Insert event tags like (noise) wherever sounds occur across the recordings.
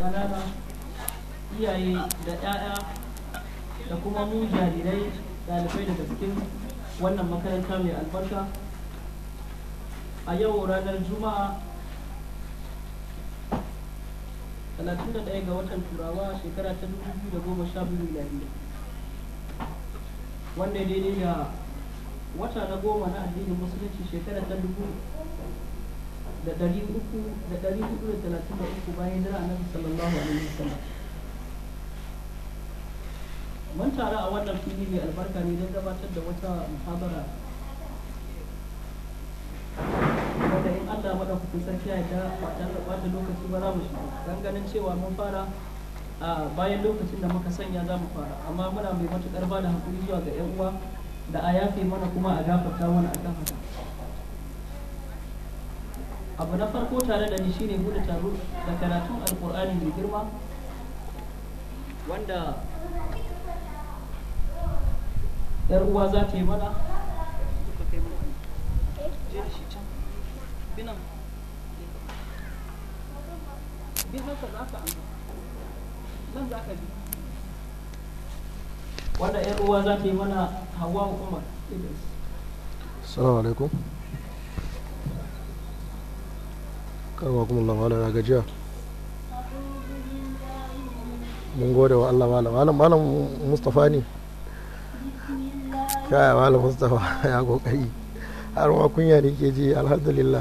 ƙanana iyaye da 'ya'ya da kuma mu jarirai ɗalibai daga cikin wannan makaranta mai albarka a yau ranar juma'a 31 ga watan turawa shekara ta 2012 miladiya wanda daidai da wata na goma na addinin musulunci shekara ta da ɗari uku da ɗari hudu da talatin da uku bayan jira annabi sallallahu alaihi wasallam mun taru a wannan fili mai albarka ne don gabatar da wata muhabara wanda in Allah madaukakin sarki ya yarda ba da ɓata lokaci ba za mu shiga don ganin cewa mun fara a bayan lokacin da muka sanya za mu fara amma muna mai matuƙar ba da haƙuri zuwa ga 'yan uwa da a yafe mana kuma a gafarta mana akan haka abu na farko tare da ni shine bude taro da karatun alkur'ani mai girma wanda yar uwa za ta yi mana wanda yar uwa za ta yi mana hawa umar idris alaikum kawo kuma Allah na gajiya mun gode wa Allah malam malam malam Mustafa ne kaya malam Mustafa (laughs) ya kokari har ma kunya ne ke ji alhamdulillah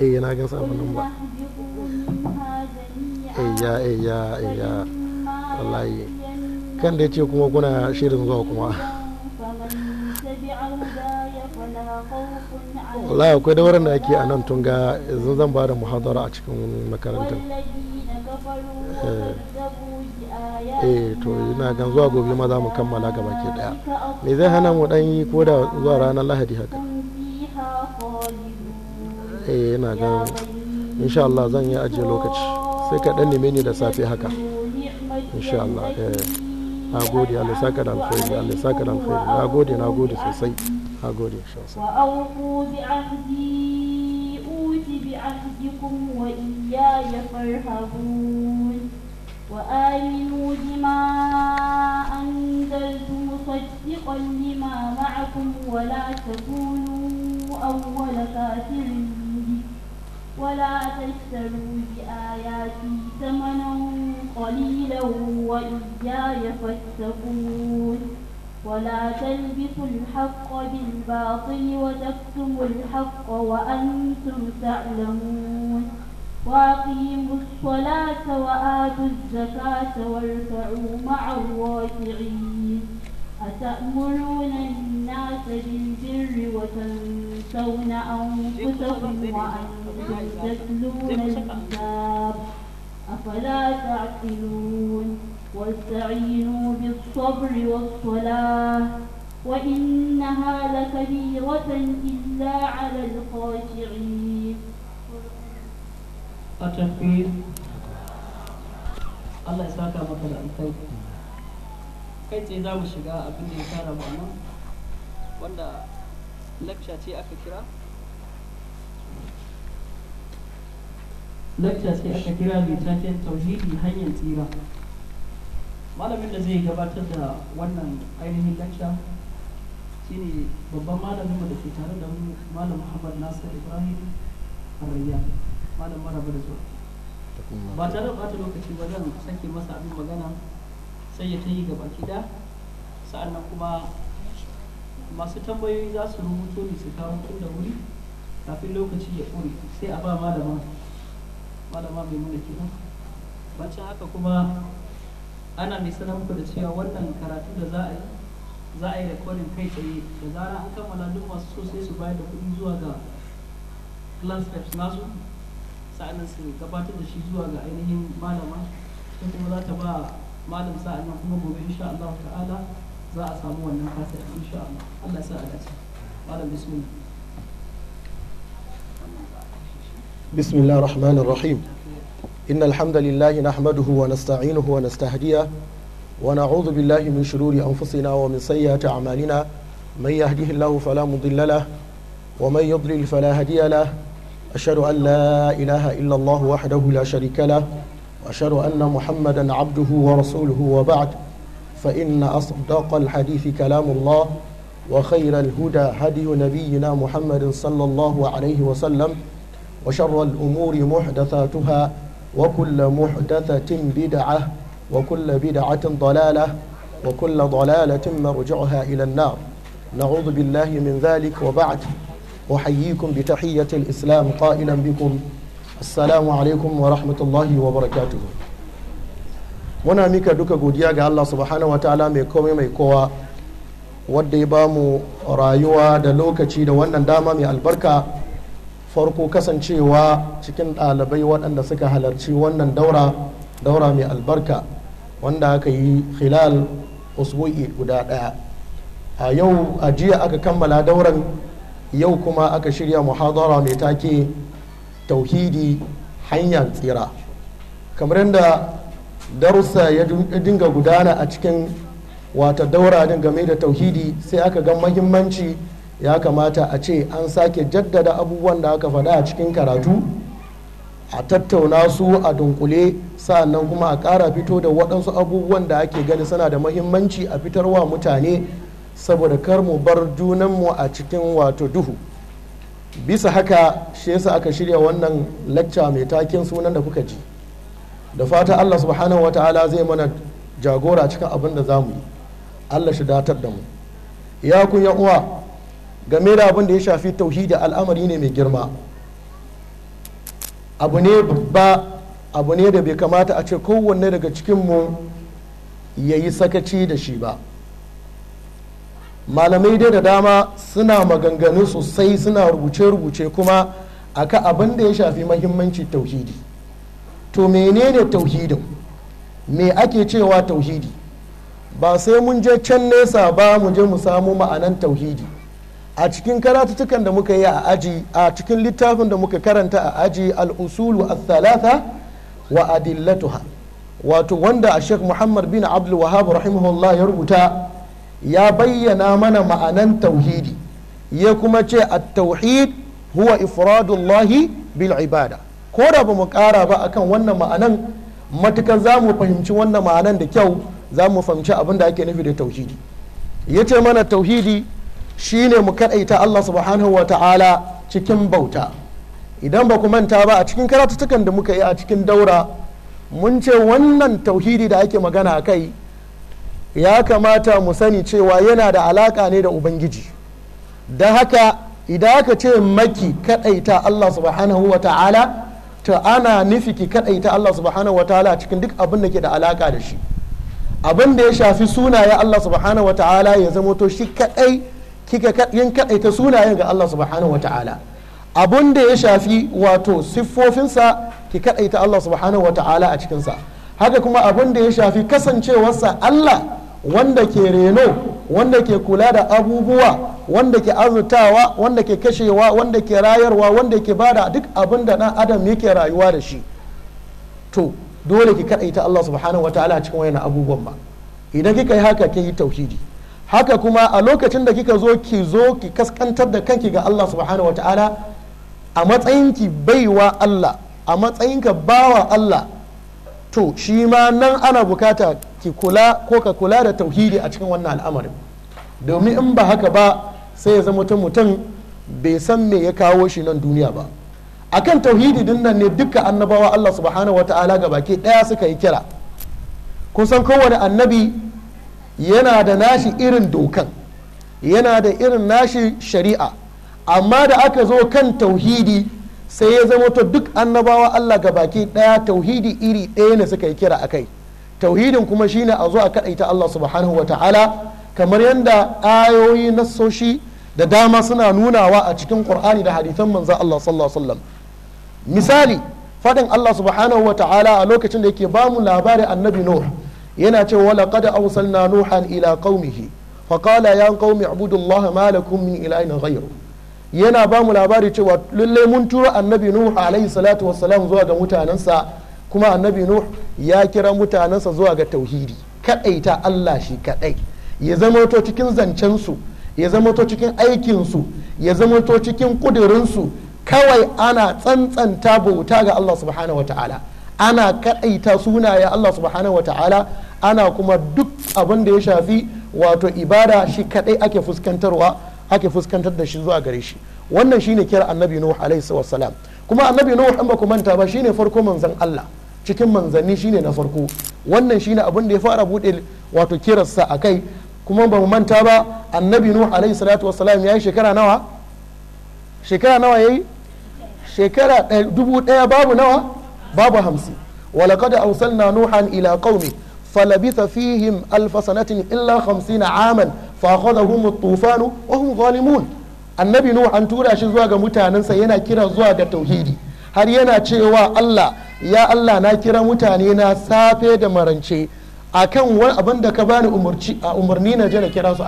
eh na ga samun nan ba ya iya ya wallahi kan da ce kuma kuna shirin zuwa kuma wallahi akwai dauran da ake a nan tun ga yanzu zan ba da muhadara a cikin makarantar eh, eh to ina gan zuwa gobe ma za mu kammala gaba ke daya me zai hana mu dan yi ko da zuwa ranar lahadi haka eh ina gan insha Allah zan yi ajiye lokaci sai ka dan neme ni da safe haka insha Allah eh na gode Allah saka da alkhairi Allah saka da alkhairi na gode na gode sosai أقول يا شخص وأوفوا بعهدي أوت بعهدكم وإياي فارهبون وآمنوا بما أنزلت مصدقا لما معكم ولا تكونوا أول كافر ولا تشتروا بآياتي ثمنا قليلا وإياي فاتقون ولا تلبسوا الحق بالباطل وتكتموا الحق وأنتم تعلمون وأقيموا الصلاة وآتوا الزكاة واركعوا مع الراكعين أتأمرون الناس بالبر وتنسون أنفسكم وأنتم تتلون الكتاب أفلا تعقلون واستعينوا بالصبر والصلاة وإنها لكبيرة إلا على الخاشعين التكبير Allah ya saka maka da kai ce za mu shiga abin da ya tara mu wanda lecture ce aka kira lecture ce aka kira mai taken tauhidi hanyar tsira malamin da zai gabatar da wannan ainihin lecture shine babban malamin da ke tare da mu malam muhammad nasir ibrahim arayya malam maraba da zuwa ba tare da bata lokaci ba zan sake masa abin magana sai ya ta yi gaba kida sa'annan kuma masu tambayoyi za su rubuto ne su kawo tun da wuri kafin lokaci ya ƙuri sai a ba malama malama mai muna kenan bacin haka kuma ana mai sanar muku da cewa wannan karatu da za a yi za a yi rekodin kai tsaye da zara an kammala duk masu so sai su bayar da kuɗi zuwa ga class steps nasu sa'annan su gabatar da shi zuwa ga ainihin malama ta kuma za ta ba malam sa'annan kuma gobe insha Allah ta'ala za a samu wannan kasar insha Allah Allah sa a dace malam bismillah بسم الله الرحمن الرحيم إن الحمد لله نحمده ونستعينه ونستهديه ونعوذ بالله من شرور أنفسنا ومن سيئات أعمالنا من يهده الله فلا مضل له ومن يضلل فلا هدي له أشهد أن لا إله إلا الله وحده لا شريك له وأشهد أن محمدا عبده ورسوله وبعد فإن أصدق الحديث كلام الله وخير الهدى هدي نبينا محمد صلى الله عليه وسلم وشر الأمور محدثاتها وكل محدثة بدعة وكل بدعة ضلالة وكل ضلالة مرجعها إلى النار نعوذ بالله من ذلك وبعد أحييكم بتحية الإسلام قائلا بكم السلام عليكم ورحمة الله وبركاته muna mika duka godiya ga Allah subhanahu wa ta'ala mai komai mai kowa wadda ya bamu rayuwa da lokaci da wannan dama mai albarka farko kasancewa cikin ɗalibai waɗanda suka halarci wannan daura daura mai albarka wanda aka yi hilal usbu'i guda ɗaya a yau a jiya aka kammala dauran yau kuma aka shirya muhadara mai take tauhidi hanyar tsira kamar yadda darussa ya dinga gudana a cikin wata daura din game da tauhidi sai aka ga mahimmanci ya kamata a ce an sake jaddada abubuwan da aka faɗa a cikin karatu a tattauna su a dunkule sa'annan kuma a ƙara fito da waɗansu abubuwan da ake gani suna da mahimmanci a fitar wa mutane saboda kar mu bar junanmu a cikin wato duhu bisa haka shi yasa aka shirya wannan lacca mai taken sunan da kuka ji da fata allah subhanahu wata'ala zai mana jagora cikin abin da za mu yi allah shi datar da mu ya kun uwa game da abin da ya shafi tauhidi al'amari ne mai girma abu ne ba abu ne da bai kamata a ce kowanne daga cikinmu ya yi sakaci da shi ba malamai dai da dama suna maganganu sosai suna rubuce-rubuce kuma aka abin da ya shafi mahimmanci tauhidi to menene tauhidin me ake cewa tauhidi ba sai mun je can nesa ba mu je mu samu ma'anan tauhidi a cikin karatutukan da muka yi a aji a cikin littafin da muka karanta a aji al'usulu al-thalatha wa adillatuha wato wanda a sheikh muhammad bin abdul wahab rahimahullah ya rubuta ya bayyana mana ma'anan tauhidi ya kuma ce a tauhid huwa ifradullahi bil ibada ko da ba mu kara ba akan wannan ma'anan matukan za mu fahimci wannan ma'anan da kyau za mu fahimci abin da ake nufi da tauhidi ya ce mana tauhidi Shi ne mu kaɗaita Allah subhanahu wa ta'ala cikin bauta idan ba ku manta ba a cikin karatutukan da muka yi a cikin daura mun ce wannan tauhidi da ake magana a kai ya kamata mu sani cewa yana da alaka ne da ubangiji da haka idan aka ce maki kaɗaita Allah subhanahu wa ta'ala ta ana nufi ki kadaita Allah subhanahu wa ta'ala cikin duk abin da ke da alaka da shi abin da ya shafi sunaye Allah subhanahu wa ta'ala ya zama to shi kaɗai. kika yin kaɗaita sunayen ga Allah subhanahu wa ta'ala abun da ya shafi wato siffofinsa ki kaɗaita Allah subhanahu wa ta'ala a cikinsa haka kuma abun da ya shafi kasancewarsa Allah wanda ke reno wanda ke kula da abubuwa wanda ke azutawa wanda ke kashewa wanda ke rayarwa wanda ke bada duk abin da ɗan adam yake rayuwa da shi to dole ki kaɗaita Allah subhanahu ta'ala a cikin wayan abubuwan ba idan kika yi haka ki yi tauhidi haka kuma a lokacin da kika zo ki zo ki kaskantar da kanki ga Allah subhanahu wataala a matsayinki baiwa Allah a matsayinka bawa Allah to shi ma nan ana bukata ki kula ko ka kula da tauhidi a cikin wannan al'amarin domin in ba haka ba sai ya zama mutum mutum bai san me ya kawo shi nan duniya ba akan tauhidi din nan ne duka annabawa Allah subhanahu wataala ga baki daya suka yi kira kun san kowane annabi yana da nashi irin dokan yana da irin nashi shari'a amma da aka zo kan tauhidi sai ya zama to duk annabawa Allah ga baki daya tauhidi iri ɗaya ne suka yi kira a kai tauhidin kuma shine a zo a kaɗaita Allah subhanahu wa ta'ala kamar yadda ayoyi na soshi da dama suna nunawa a cikin qur'ani da hadithan manzo Allah sallallahu alaihi wasallam misali fadin Allah subhanahu wa ta'ala a lokacin da yake bamu labari annabi Nuh yana cewa wala qad awsalna nuhan ila qaumihi fa qala ya qaumi ibudullaha ma lakum min ilahin ghayru yana ba mu labari cewa lalle mun turo annabi nuhu alaihi salatu wassalam zuwa ga mutanensa kuma annabi nuh ya kira mutanensa zuwa ga tauhidi kadaita Allah shi kadai ya zama to cikin zancen su ya zama to cikin aikin ya zama to cikin kudirin kawai ana tsantsanta bauta ga Allah subhanahu wataala ana kadaita sunaye Allah subhanahu wataala ana kuma duk abin da ya shafi wato ibada shi kadai ake fuskantarwa ake fuskantar da shi zuwa gare shi wannan shine kira annabi nuh alaihi salam kuma annabi nuh in baku ku manta ba shine farko manzan Allah cikin manzanni shine na farko wannan shine abin da ya fara bude wato kirarsa a kai kuma ba mu manta ba annabi nuh alaihi salatu ya yi shekara nawa shekara nawa yayi shekara dubu daya babu nawa babu hamsin ولقد أرسلنا نوحا إلى قومه فلبث فيهم ألف سنة إلا aman عاما فأخذهم الطوفان وهم ظالمون annabi nuhu an tura shi zuwa ga mutanensa yana kira zuwa ga tauhidi har yana cewa Allah ya Allah na kira mutane na safe da marance akan kan abin da ka bani umarni na jana na kira su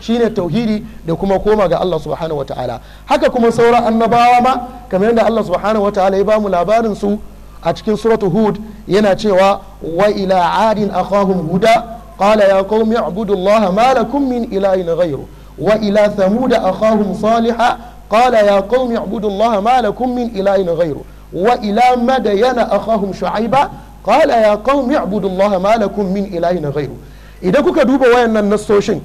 Shi shine tauhidi da kuma koma ga Allah subhanahu wataala haka kuma sauran annabawa ma kamar yadda Allah subhanahu wataala ya bamu labarin su a cikin suratu hud yana cewa wa ila adin akhahum huda qala ya qaumi ibudullaha ma lakum min ilahin ghayru wa ila thamud akhahum saliha qala ya qaumi ibudullaha ma lakum min ilahin ghayru wa ila madayana akhahum shu'aiba qala ya qaumi ibudullaha ma lakum min ilahin ghayru idan kuka duba wayannan nassoshin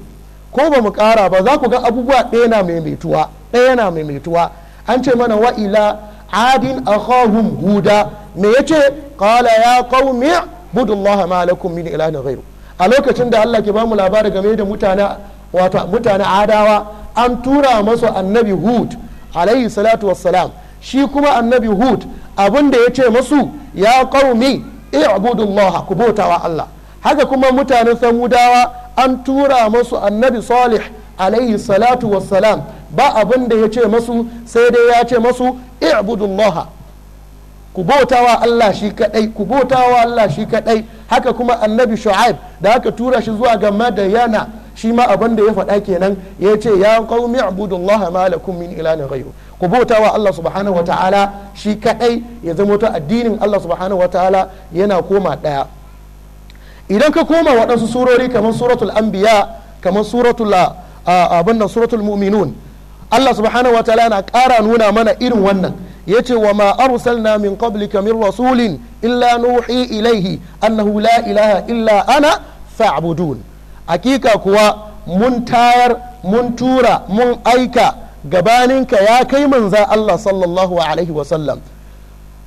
ko ba mu kara ba za ku ga abubuwa ɗaya na maimaituwa ɗaya na maimaituwa an ce mana wa ila adin akhahum huda me ce kala ya qaumi budullah ma lakum min ilahin ghairu a lokacin da Allah ke bamu labari game da mutane wato mutane adawa an tura masu annabi hud alaihi salatu wassalam shi kuma annabi hud abin da ya ce masu ya qaumi i'budullah ku bautawa Allah haka kuma mutanen samudawa an tura masu annabi salih alaihi salatu wassalam ba abin da ya ce masu sai dai ya ce masu i'budullah ku bautawa Allah shi kadai ku bautawa Allah shi kadai haka kuma annabi shu'aib da aka tura shi zuwa ga madayana shi ma abin da ya faɗa kenan ya ce ya qaumi ibudullaha ma lakum min ilahin ghayru ku bautawa Allah subhanahu wataala shi kadai ya zama ta addinin Allah subhanahu wataala yana koma daya idan ka koma waɗansu surori kamar suratul anbiya kamar suratul abin nan suratul mu'minun Allah subhanahu wataala na ƙara nuna mana irin wannan ya ce wa ma arsalna min qablika min rasulin illa nuhi ilaihi annahu la ilaha illa ana fa'budun hakika kuwa mun tayar mun tura mun aika gabaninka ya kai manza Allah sallallahu alaihi wasallam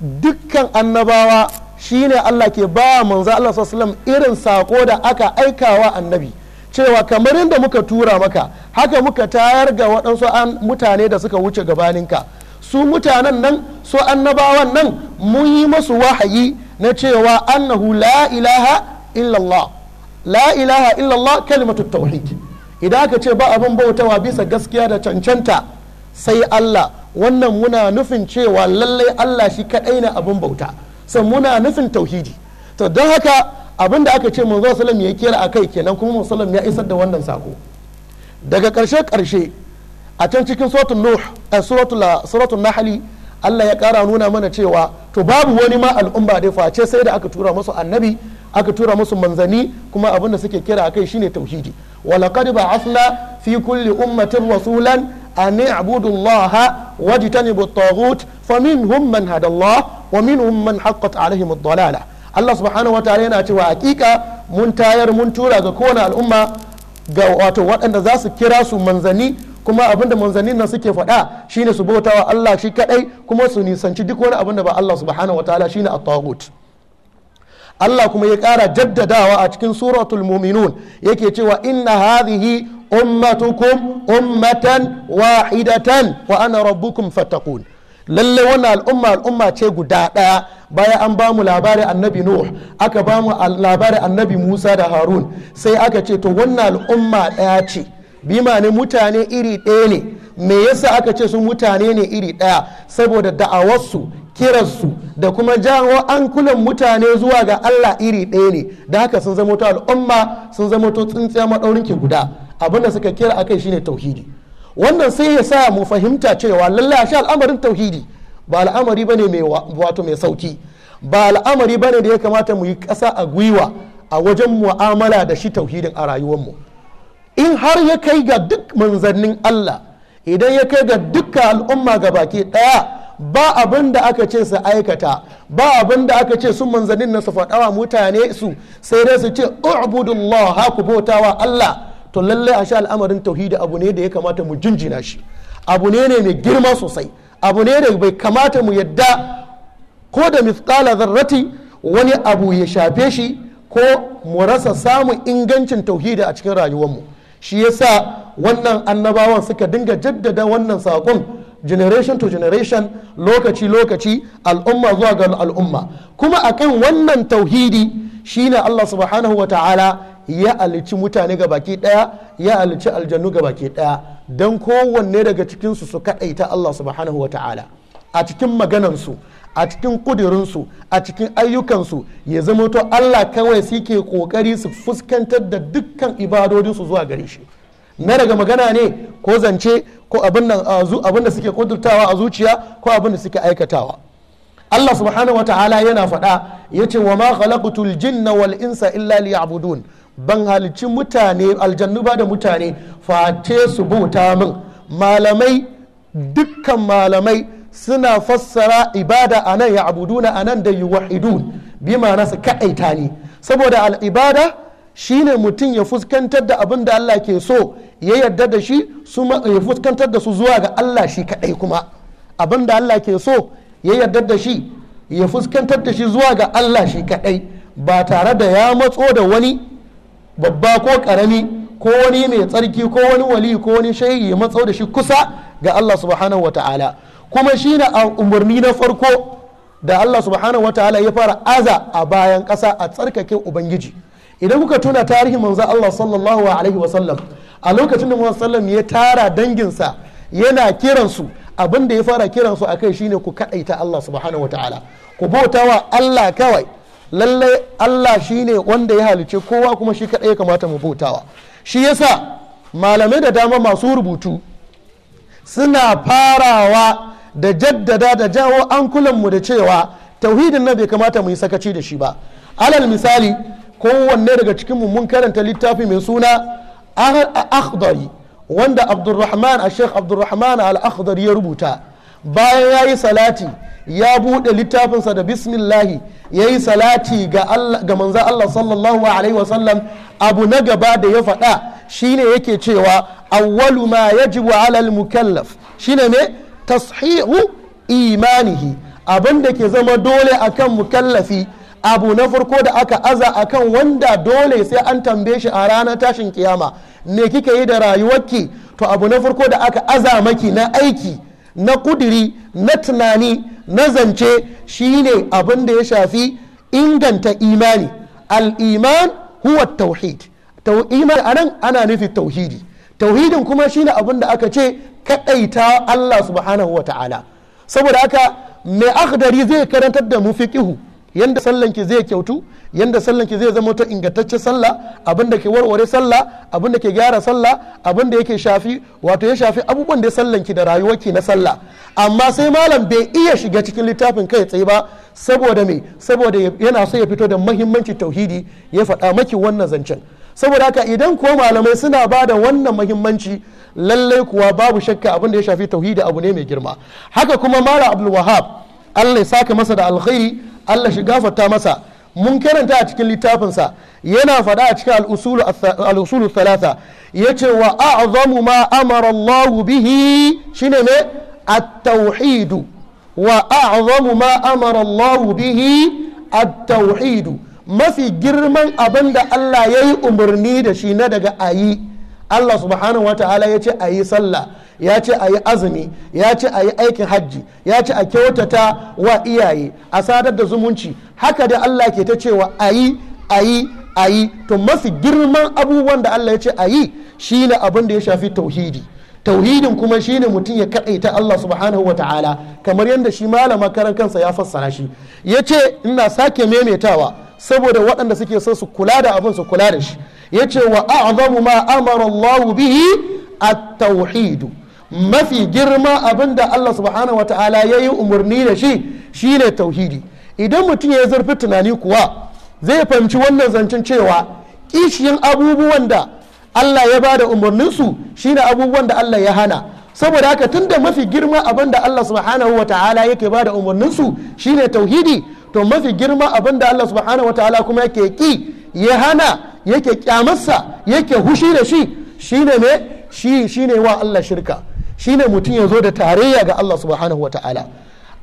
dukkan annabawa shine Allah ke ba manza Allah sallallahu irin sako da aka aikawa annabi cewa kamar inda muka tura maka haka muka tayar ga waɗansu mutane da suka wuce gabaninka su mutanen nan su annabawan nan mun yi masu wahayi na cewa annahu la illallah la ilaha illallah kalimatu tauhid idan aka ce ba abin bautawa bisa gaskiya da cancanta sai Allah wannan muna nufin cewa lallai Allah shi kadai na abin bauta sai muna nufin tauhidi to don haka abin da aka ce manzo sallam ya kira akai kenan kuma musallam ya isar da wannan sako daga ƙarshe karshe a can cikin suratul nuh eh, a eh, suratul nahli Allah ya kara nuna mana cewa to babu wani ma al'umma dai face sai da aka tura musu annabi aka tura musu manzani kuma abin da suke kira kai shine tauhidi wa laqad ba'athna fi kulli ummatin rasulan an i'budu Allah wajtanibu at-taghut faminhum man hada Allah wa minhum man haqqat alaihim ad-dalalah Allah subhanahu wa ta'ala yana cewa hakika mun tayar mun tura ga kowane al'umma ga wato waɗanda za su kira su manzani kuma abin da manzannin nan suke faɗa shine su bauta wa Allah shi kadai kuma su nisanci duk wani abin da ba Allah subhanahu wataala shine at-taghut Allah kuma ya ƙara jaddadawa a cikin suratul muminun yake cewa inna hadhihi ummatukum ummatan wahidatan wa ana rabbukum fattaqun lalle wannan al'umma al'umma ce guda ɗaya bayan an bamu labari annabi nuh aka bamu labari annabi musa da harun sai aka ce to wannan al'umma ɗaya ce Bimanin mutane iri ɗaya ne me yasa aka ce su mutane ne iri ɗaya saboda da'awarsu kiransu da kuma jawo ankulan mutane zuwa ga Allah iri ɗaya ne da haka sun zama to al'umma sun zama to tsintsiya ki guda abin da suka kira a kai shine tauhidi wannan sai ya sa mu fahimta cewa lallai shi al'amarin tauhidi ba al'amari bane mai wato mai sauki ba al'amari bane da ya kamata mu yi ƙasa a gwiwa a wajen mu'amala da shi tauhidin a rayuwarmu mu in har ya kai ga duk manzannin Allah idan ya kai ga duka al'umma ga baki ɗaya ba abin da aka ce su aikata ba abin da aka ce sun manzannin na su faɗawa mutane su sai dai su ce ubudullah ha ku bautawa Allah to lallai a sha al'amarin tauhidi abu ne da ya kamata mu jinjina shi abu ne ne mai girma sosai abu ne da bai kamata mu yadda ko da mithqala zarrati wani abu ya shafe shi ko mu rasa samun ingancin tauhidi a cikin rayuwarmu mu shi yasa wannan annabawan suka dinga jaddada wannan saƙon generation to generation lokaci lokaci al'umma zuwa ga al'umma kuma akan wannan tauhidi shine Allah subhanahu wa ta'ala ya alici mutane ga baki daya ya alici aljannu ga baki daya don kowanne daga cikinsu su kaɗaita Allah subhanahu wa ta'ala a cikin maganansu a cikin kudirinsu a cikin ayyukansu ya zama to Allah kawai suke kokari su fuskantar da dukkan ibadodinsu zuwa gare shi na daga magana ne ko zance ko abin da suke kudurtawa a zuciya ko abin da suke aikatawa Allah subhanahu wata'ala yana faɗa ya ce wa ma khalaqtul jinna wal insa illa liya'budun ban halicci mutane aljannu ba da mutane face su bauta min malamai dukkan malamai suna fassara ibada a nan ya na a nan da yuwahidun bi ma'ana su ka'aita ne saboda al'ibada shine mutum ya fuskantar da abin da Allah ke so ya yarda da shi ya fuskantar da su zuwa ga Allah shi kaɗai kuma abin da Allah ke so ya yarda da shi ya fuskantar da shi zuwa ga Allah shi kaɗai ba tare da ya matso da wani babba ko ƙarami ko wani mai tsarki ko wani wali ko wani shayi ya matso da shi kusa ga Allah subhanahu wa ta'ala kuma shine a umarni na farko da Allah subhanahu wa ta'ala ya fara aza a bayan ƙasa a tsarkake ubangiji idan kuka tuna tarihin manzo Allah sallallahu alaihi wa sallam a lokacin da manzo sallam ya tara danginsa yana kiransu abin da ya fara kiransu akai shine ku kadaita Allah subhanahu wa ta'ala ku bautawa Allah kawai lallai Allah shine wanda ya halice kowa kuma shi kadai ya kamata mu bautawa shi yasa malamai da dama masu rubutu suna farawa da jaddada da jawo ankulanmu da cewa tauhidin nan bai kamata mu yi sakaci da shi ba alal misali kowanne daga cikinmu mun karanta littafi mai suna akhdari wanda abdulrahman a sheikh abdurrahman al-akhdari ya rubuta bayan ya yi salati ya buɗe littafinsa da bismillahi ya yi salati ga manza Allah sallallahu alaihi wasallam abu na gaba da ya faɗa shine yake cewa awwalu ma yajibu alal mukallaf shine ne tashihu imanihi abin da ke zama dole akan mukallafi abu na farko da aka aza akan wanda dole sai an tambaye shi a ranar tashin kiyama me kika yi da rayuwarki to abu na farko da aka aza maki na aiki na kudiri na tunani na zance shine abin da ya shafi inganta imani al-iman huwa tauhid iman anan ana nufin tauhidi tauhidin kuma shine abin da aka ce kaɗaita Allah subhanahu wa ta'ala saboda haka mai akhdari zai karantar da mu fiqihu yanda sallanki zai kyautu yanda sallanki zai zama ta ingantaccen sallah abin da ke warware sallah abin da ke gyara sallah abin da yake shafi wato ya shafi abubuwan da sallanki da rayuwarki na sallah amma sai malam bai iya shiga cikin littafin kai tsaye ba saboda me saboda yana so ya fito da mahimmanci tauhidi ya faɗa maki wannan zancen saboda haka idan ko malamai suna ba da wannan mahimmanci lallai kuwa babu shakka abin da ya shafi tauhidi abu ne mai girma haka kuma mala abdul wahab allah ya saka masa da alkhairi allah shi gafarta masa mun karanta a cikin littafinsa yana faɗa a cikin al'usulu talata ya ce wa a'zamu ma amara Allah bihi shine ne at-tauhidu wa a'zamu ma amara Allah bihi at-tauhidu mafi girman abin da Allah ya yi umarni da shi na daga ayi, Allah subhanahu wata'ala ya ce a yi sallah ya ce a yi azumi ya ce a yi aikin hajji ya ce a kyautata wa iyaye a sadar da zumunci haka da Allah ke ta cewa a yi a yi a yi to mafi girman abubuwan da Allah ya ce a yi ne abin da ya shafi tauhidi tauhidin kuma shi ne mutum ya kaɗaita Allah subhanahu wa ta'ala kamar yadda shi malama karan kansa ya fassara shi ya ce ina sake memetawa. saboda waɗanda suke so su kula da abin su kula da shi Ya ce wa a'zamu ma amara Allah bihi at-tauhid mafi girma abin da Allah subhanahu wataala yi umarni da shi shine tauhidi idan mutum ya zurfi tunani kuwa zai fahimci wannan zancen cewa kishiyan abubuwan da Allah ya bada umarninsu su shine abubuwan da Allah ya hana saboda haka tunda mafi girma abin da Allah subhanahu wataala yake bada umarnin su shine tauhidi to mafi girma abin da Allah subhanahu wataala kuma yake ki ya hana yake kyamarsa yake hushi da shi shine ne shi shine wa Allah shirka shine mutum ya zo da tarayya ga Allah subhanahu wataala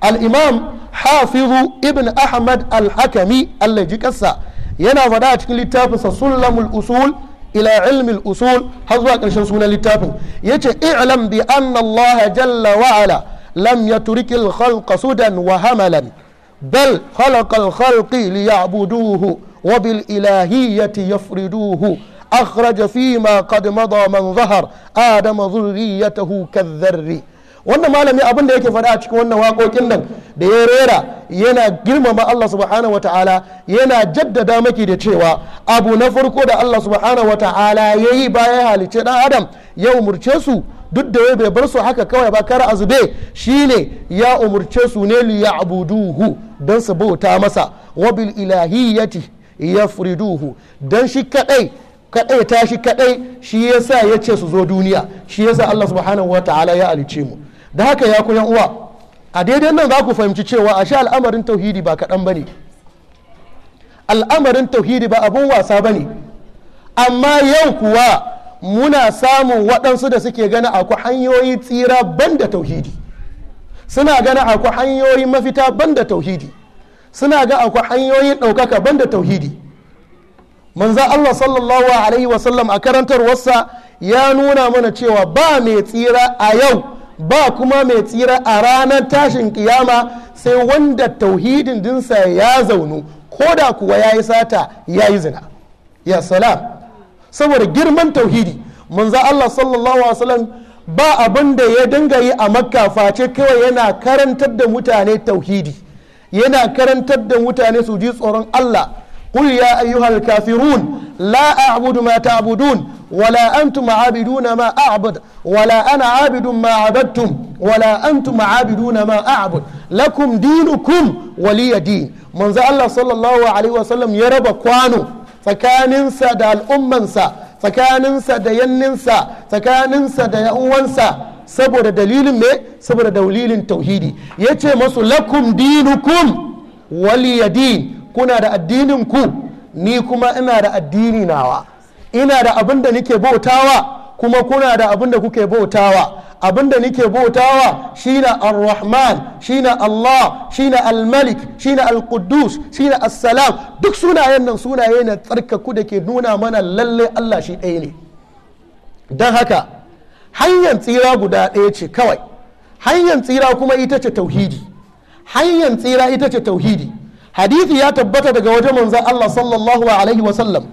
al-imam hafizu ibn ahmad al-hakami Allah ji kassa yana faɗa a cikin littafinsa sulamul usul ila ilmi usul har zuwa ƙarshen sunan littafin yace i'lam bi anna Allah jalla wa ala lam yaturikil khalqa sudan wa hamalan bal khalaqal khalqi liya'buduhu wa bil ilahiyyati yafriduhu أخرج فيما قد مضى من ظهر آدم ذريته كالذر wannan malami abin da yake faɗa a cikin wannan waƙoƙin nan da ya rera yana girmama Allah subhanahu wata'ala yana jaddada maki da cewa abu na farko da Allah subhanahu wata'ala ya yi bayan halice ɗan adam ya umurce su duk da yau bai bar su haka kawai ba kar a zube shine ya umurce su ne li ya'buduhu dan su bauta masa ya bil ilahiyati yafriduhu dan shi kadai kadai ta shi kadai shi yasa ce su zo duniya shi yasa Allah subhanahu wataala ya alice mu da haka ya ku uwa a daidai nan za ku fahimci cewa ashe al'amarin tauhidi ba kaɗan ba ne al'amarin tauhidi ba abun wasa ba ne amma yau kuwa muna samun waɗansu da suke gana akwai hanyoyi tsira ban da tauhidi suna gana akwai hanyoyi mafita ban da tauhidi suna ga akwai hanyoyi ɗaukaka ban da tauhidi manza Allah sallallahu alaihi wasallam a karantarwarsa ya nuna mana cewa ba mai tsira a yau ba kuma mai tsira a ranar tashin kiyama sai wanda tauhidin dinsa ya zaunu ko da kuwa ya yi sata ya yi zina ya salam saboda girman tauhidi manzo Allah sallallahu alaihi wasallam ba abin da ya dinga yi a makka face kawai yana karantar da mutane tauhidi yana karantar da mutane su ji tsoron Allah قل يا أيها الكافرون لا أعبد ma تعبدون ولا أنتم عابدون ما أعبد ولا أنا عابد ما عبدتم ولا أنتم عابدون ما أعبد لكم دينكم ولي دين من الله صلى الله عليه وسلم يرب كوانو tsakaninsa da al'ummansa tsakaninsa da yanninsa tsakaninsa da ya'uwansa saboda dalilin me saboda dalilin tauhidi ya ce masu lakum dinukum waliyadin kuna da addinin ku ni kuma ina da addini nawa ina da abin da nike bautawa kuma kuna da abin da kuke bautawa abin da nike bautawa shine ar-rahman shine Allah shine al-malik shine al-quddus shine as-salam duk sunayen nan sunaye na tsarkaku da ke nuna mana lalle Allah shi ɗaya ne don haka hanyar tsira guda ɗaya ce kawai hanyar tsira kuma ita ce tauhidi hanyar tsira ita ce tauhidi hadithi ya tabbata daga wajen manzon Allah sallallahu alaihi sallam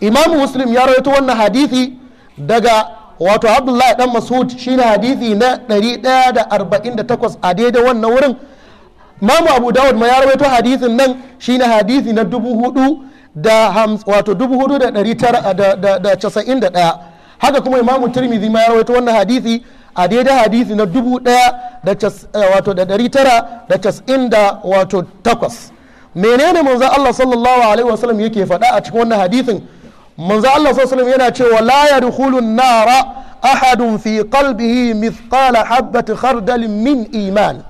imamu muslim ya rawaito wannan hadithi daga wato abdullahi dan masud shi ne hadithi na 148 a daidai wannan wurin mamu abu dawud ma ya rawaito hadithin nan shi ne hadithi na 4 da 4991 haka kuma imamu tirmidhi ma ya rawaito wannan hadithi a daidai hadithi na 1998 eh, menene manzo Allah sallallahu alaihi wasallam yake faɗa a cikin wannan hadithin manzo Allah sallallahu yana cewa la yadkhulun nara ahadun fi qalbihi mithqala habbati khardal min iman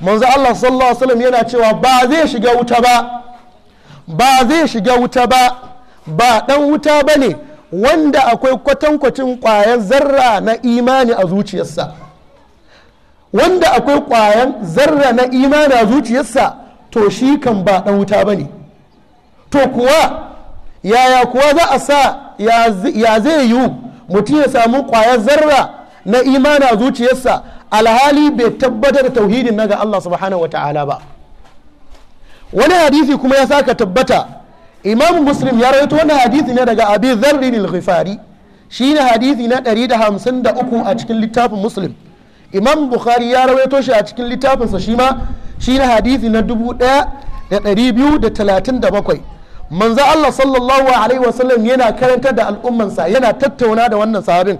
manzo Allah sallallahu alaihi yana cewa ba zai shiga wuta ba ba zai shiga wuta ba ba dan wuta bane wanda akwai kwatankwacin kwayan zarra na imani a zuciyarsa wanda akwai kwayan zarra na imani a zuciyarsa to shi kan ba dan wuta bane to kuwa yaya kuwa za a sa ya zai yiwu mutum ya samu kwayar zarra na imana zuciyarsa alhali bai tabbatar da tauhidin na ga Allah subhanahu wata'ala ba wani hadisi kuma ya saka tabbata imam muslim ya rawaito wani hadisi ne daga abi zarrin al-ghifari shine hadisi na 153 a cikin littafin muslim imam bukhari ya rawaito shi a cikin littafinsa shi ma shine hadisi na 1237 manzo Allah sallallahu alaihi wasallam yana karantar da al'ummansa yana tattauna da wannan sahabin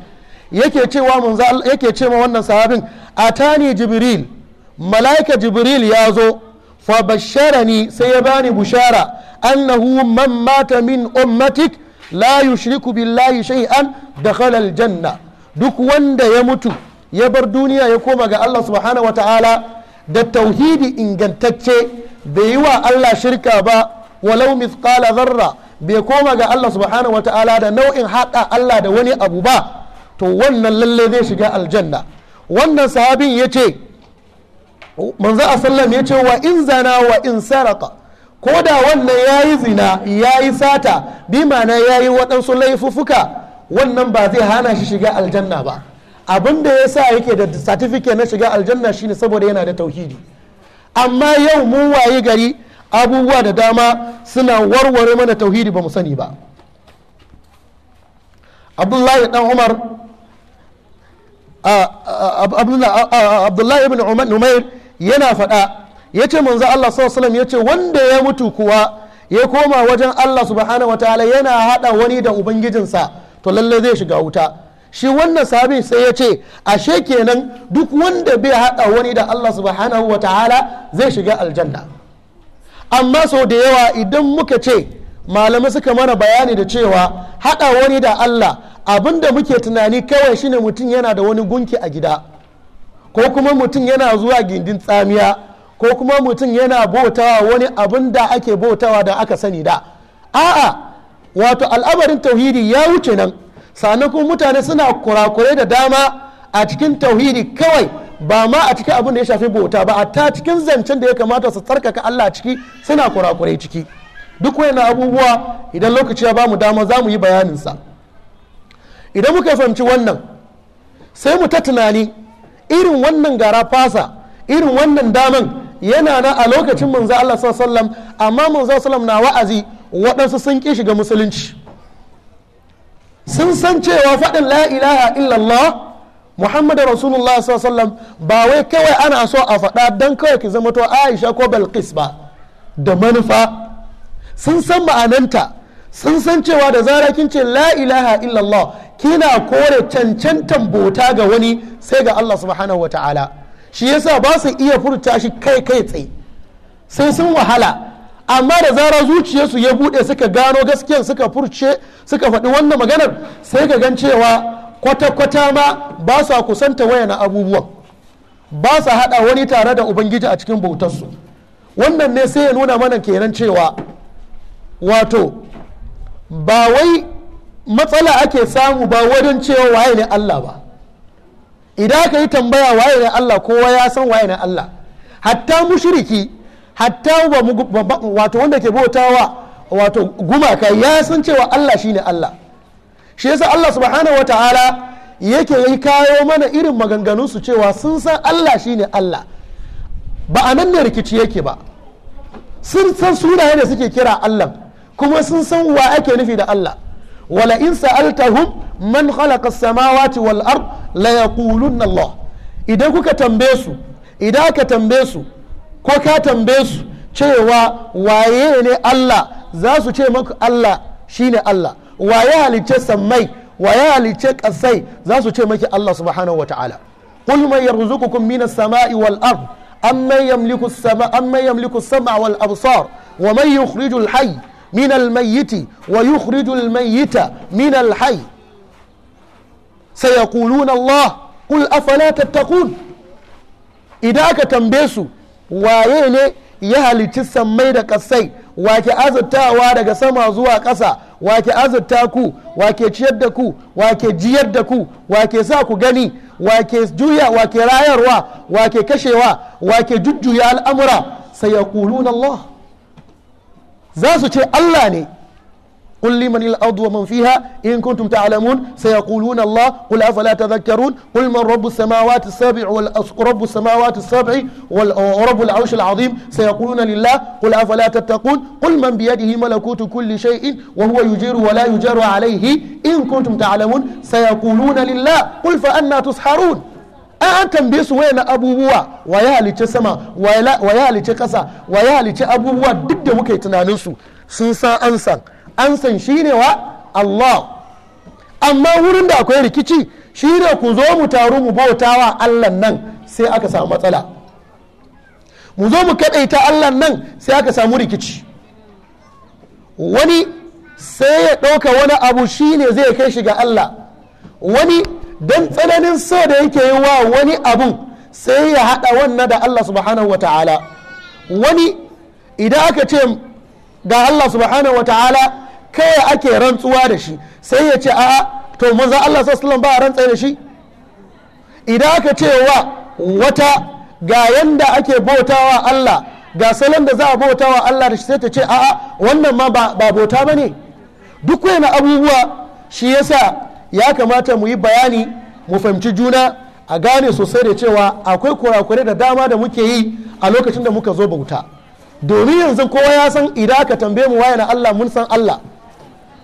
yake cewa manzo yake cewa wannan sahabin atani jibril malaika jibril ya zo fa basharani sai ya bani bushara annahu man mata min ummatik la yushriku billahi shay'an dakhala aljanna duk wanda ya mutu ya bar duniya ya koma ga Allah subhanahu wataala da tauhidi ingantacce bai yi wa Allah shirka ba walau mithqala zarra bai koma ga Allah subhanahu ta'ala da nau'in haɗa Allah da wani abu ba to wannan lalle zai shiga aljanna wannan sahabin ya ce manzo a sallam ya ce wa in zana wa in saraka ko da wannan ya yi zina ya yi sata bi ma'ana ya yi waɗansu laifufuka. wannan ba zai hana shi shiga aljanna ba abin da ya sa yake da satifiket na shiga aljanna shine saboda yana da tauhidi amma yau mun wayi gari abubuwa da dama suna warware mana tauhidi ba mu sani ba abdullahi dan umar yana faɗa ya ce manzo allah sallallahu ya ce wanda ya mutu kuwa ya koma wajen allah subhanahu wataala yana haɗa wani da ubangijinsa to lallai zai shiga wuta shi wannan sabin sai ya ce ashe kenan duk wanda bai haɗa wani da allah subhanahu wataala zai shiga aljanna amma sau da yawa idan muka ce malamai suka mana bayani da cewa haɗa wani da Allah abin da muke tunani kawai shine mutum yana da wani gunki a gida ko kuma mutum yana zuwa gindin tsamiya ko kuma mutum yana bautawa wani abin da ake bautawa da aka sani da a'a wato al'amarin tauhidi ya wuce nan sannan mutane suna kurakurai da dama a cikin tauhidi kawai ba ma a cikin abin da ya shafi bauta ba a ta cikin zancen da ya kamata su tsarkaka Allah ciki suna kurakurai ciki duk wani abubuwa idan lokaci ya bamu dama za mu yi sa. idan muka fahimci wannan sai mu ta tunani irin wannan gara fasa irin wannan daman yana na a lokacin manzo Allah sallallahu alaihi sallam amma manzo sallam na wa'azi waɗansu sun ki shiga musulunci sun san cewa faɗin la ilaha illallah muhammadu rasulullah sallallahu ba wai kawai ana so a faɗa don kawai ki zama to aisha ko balkis ba da manufa sun san ma'ananta sun san cewa da zara kin ce la ilaha illallah kina kore cancantan bota ga wani sai ga allah subhanahu wata'ala shi yasa ba su iya furta shi kai kai tsaye sai sun wahala amma da zara zuciyarsu ya buɗe suka gano gaskiyar suka furce suka faɗi wannan maganar sai ka gan cewa kwata-kwata ma ba sa kusanta wayana abubuwan ba sa haɗa wani tare da ubangiji a cikin bautarsu wannan ne sai ya nuna mana kenan cewa wato ba wai matsala ake samu ba wajen cewa waye ne Allah ba idan aka yi tambaya waye ne Allah kowa ya san waye ne Allah hatta mushriki hatta wato wanda ke bautawa wato gumaka ya san cewa Allah shine Allah shi yasa Allah subhanahu ta'ala yake yi kayo mana irin maganganun su cewa sun san Allah shine Allah ba a nan ne rikici yake ba sun san sunaye da suke kira Allah kuma sun san wa ake nufi da Allah wala in sa'altahum man khalaqa as-samawati wal ard la yaqulunna Allah idan kuka tambaye su idan ka tambaye su ko ka tambaye su cewa waye ne Allah za su ce maku Allah shine Allah wa ya halicce sammai wa ya halicce kasai za su ce maki Allah subhanahu wataala qul man yarzuqukum minas sama'i wal ard amman yamliku as amman yamliku sama wal absar wa man yukhrijul hayy min al-mayyit wa yukhrijul mayyita min al-hayy sayaquluna Allah kul afala tattaqun idan aka tambaye su waye ne ya halicci sammai da kasai wake azurtawa daga sama zuwa ƙasa wake azurta ku wake ciyar da ku wake jiyar da ku wake sa ku gani wake juya wake rayarwa wake kashewa wake jujjuya al'amura sai ya Allah za su ce Allah ne قل لمن الأرض ومن فيها إن كنتم تعلمون سيقولون الله قل أفلا تذكرون قل من رب السماوات السابع ورب السماوات السابع ورب العرش العظيم سيقولون لله قل أفلا تتقون قل من بيده ملكوت كل شيء وهو يجير ولا يجار عليه إن كنتم تعلمون سيقولون لله قل فأنا تسحرون an بس وين أبو abubuwa wa ya halice sama wa ya halice kasa wa an san shi ne wa Allah amma wurin da akwai rikici shi ne ku zo mu taru mu bauta wa Allah nan sai aka samu matsala mu zo mu kaɗaita Allah nan sai aka samu rikici wani sai ya ɗauka wani abu shi ne zai kai shi ga Allah wani don tsananin so da yake yi wa wani abu sai ya haɗa wannan da Allah subhanahu wa ta'ala wani idan aka ce ga Allah subhanahu wa ta'ala kai ake rantsuwa da shi sai ya ce a'a to manzon Allah sallallahu ba rantsa da shi idan aka ce wa wata ga yanda ake bautawa Allah ga salon da za a bautawa Allah da shi sai ta ce a'a wannan ma ba bauta bane duk wani abubuwa shi yasa ya kamata mu yi bayani mu fahimci juna a gane sosai da cewa akwai kurakurai da dama da muke yi a lokacin da muka zo bauta domin yanzu kowa ya san idan aka tambaye mu wayana Allah mun san Allah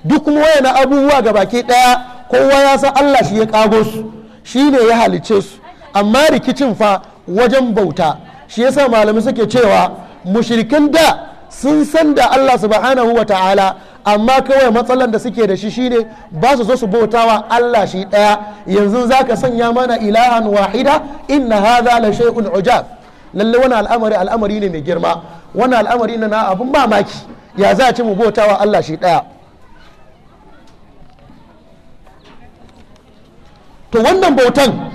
duk kuma na abubuwa ga baki daya kowa ya san Allah shi ya kago su shi ne ya halice su amma rikicin fa wajen bauta shi yasa malamai suke cewa mushrikin da sun san da Allah subhanahu wa ta'ala amma kawai matsalan da suke da shi shine ba su zo su bautawa Allah shi daya yanzu zaka sanya mana ilahan wahida inna hadha la shay'un ujab lalle wani al'amari al'amari ne mai girma wani al'amari na abun mamaki ya za a ci mu bautawa Allah shi daya to wannan bautan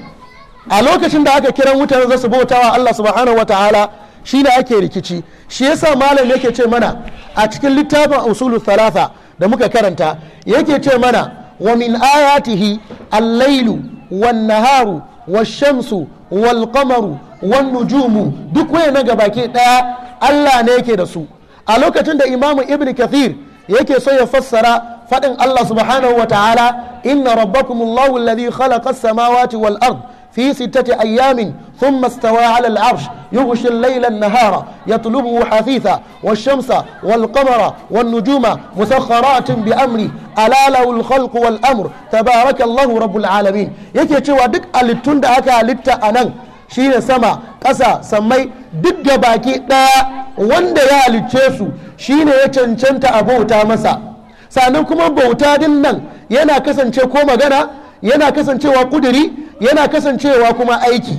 a lokacin da aka kiran mutane za su bauta wa Allah subhanahu wa ta'ala shine ake rikici shi yasa malam yake ce mana a cikin littafin usulu thalatha da muka karanta yake ce mana wa min ayatihi al-lailu wan-naharu wash-shamsu wal-qamaru wan-nujumu duk wayannan gabaki daya Allah ne yake da su a lokacin da imamu ibnu kathir yake so ya fassara faɗin Allah subhanahu wa ta'ala inna rabbakum Allahu khalaka khalaqa as-samawati wal ard fi ayyamin ثم استوى على العرش يغشي الليل النهار يطلبه حثيثا والشمس والقمر والنجوم مسخرات بأمره ألا له الخلق والأمر تبارك الله رب العالمين yake cewa duk halittun da aka halitta a nan shine sama ƙasa sammai duk da baki ɗaya wanda ya halicce su shine ya cancanta abota masa sannan kuma bauta din nan yana kasance ko magana yana kasancewa kuduri yana kasancewa kuma aiki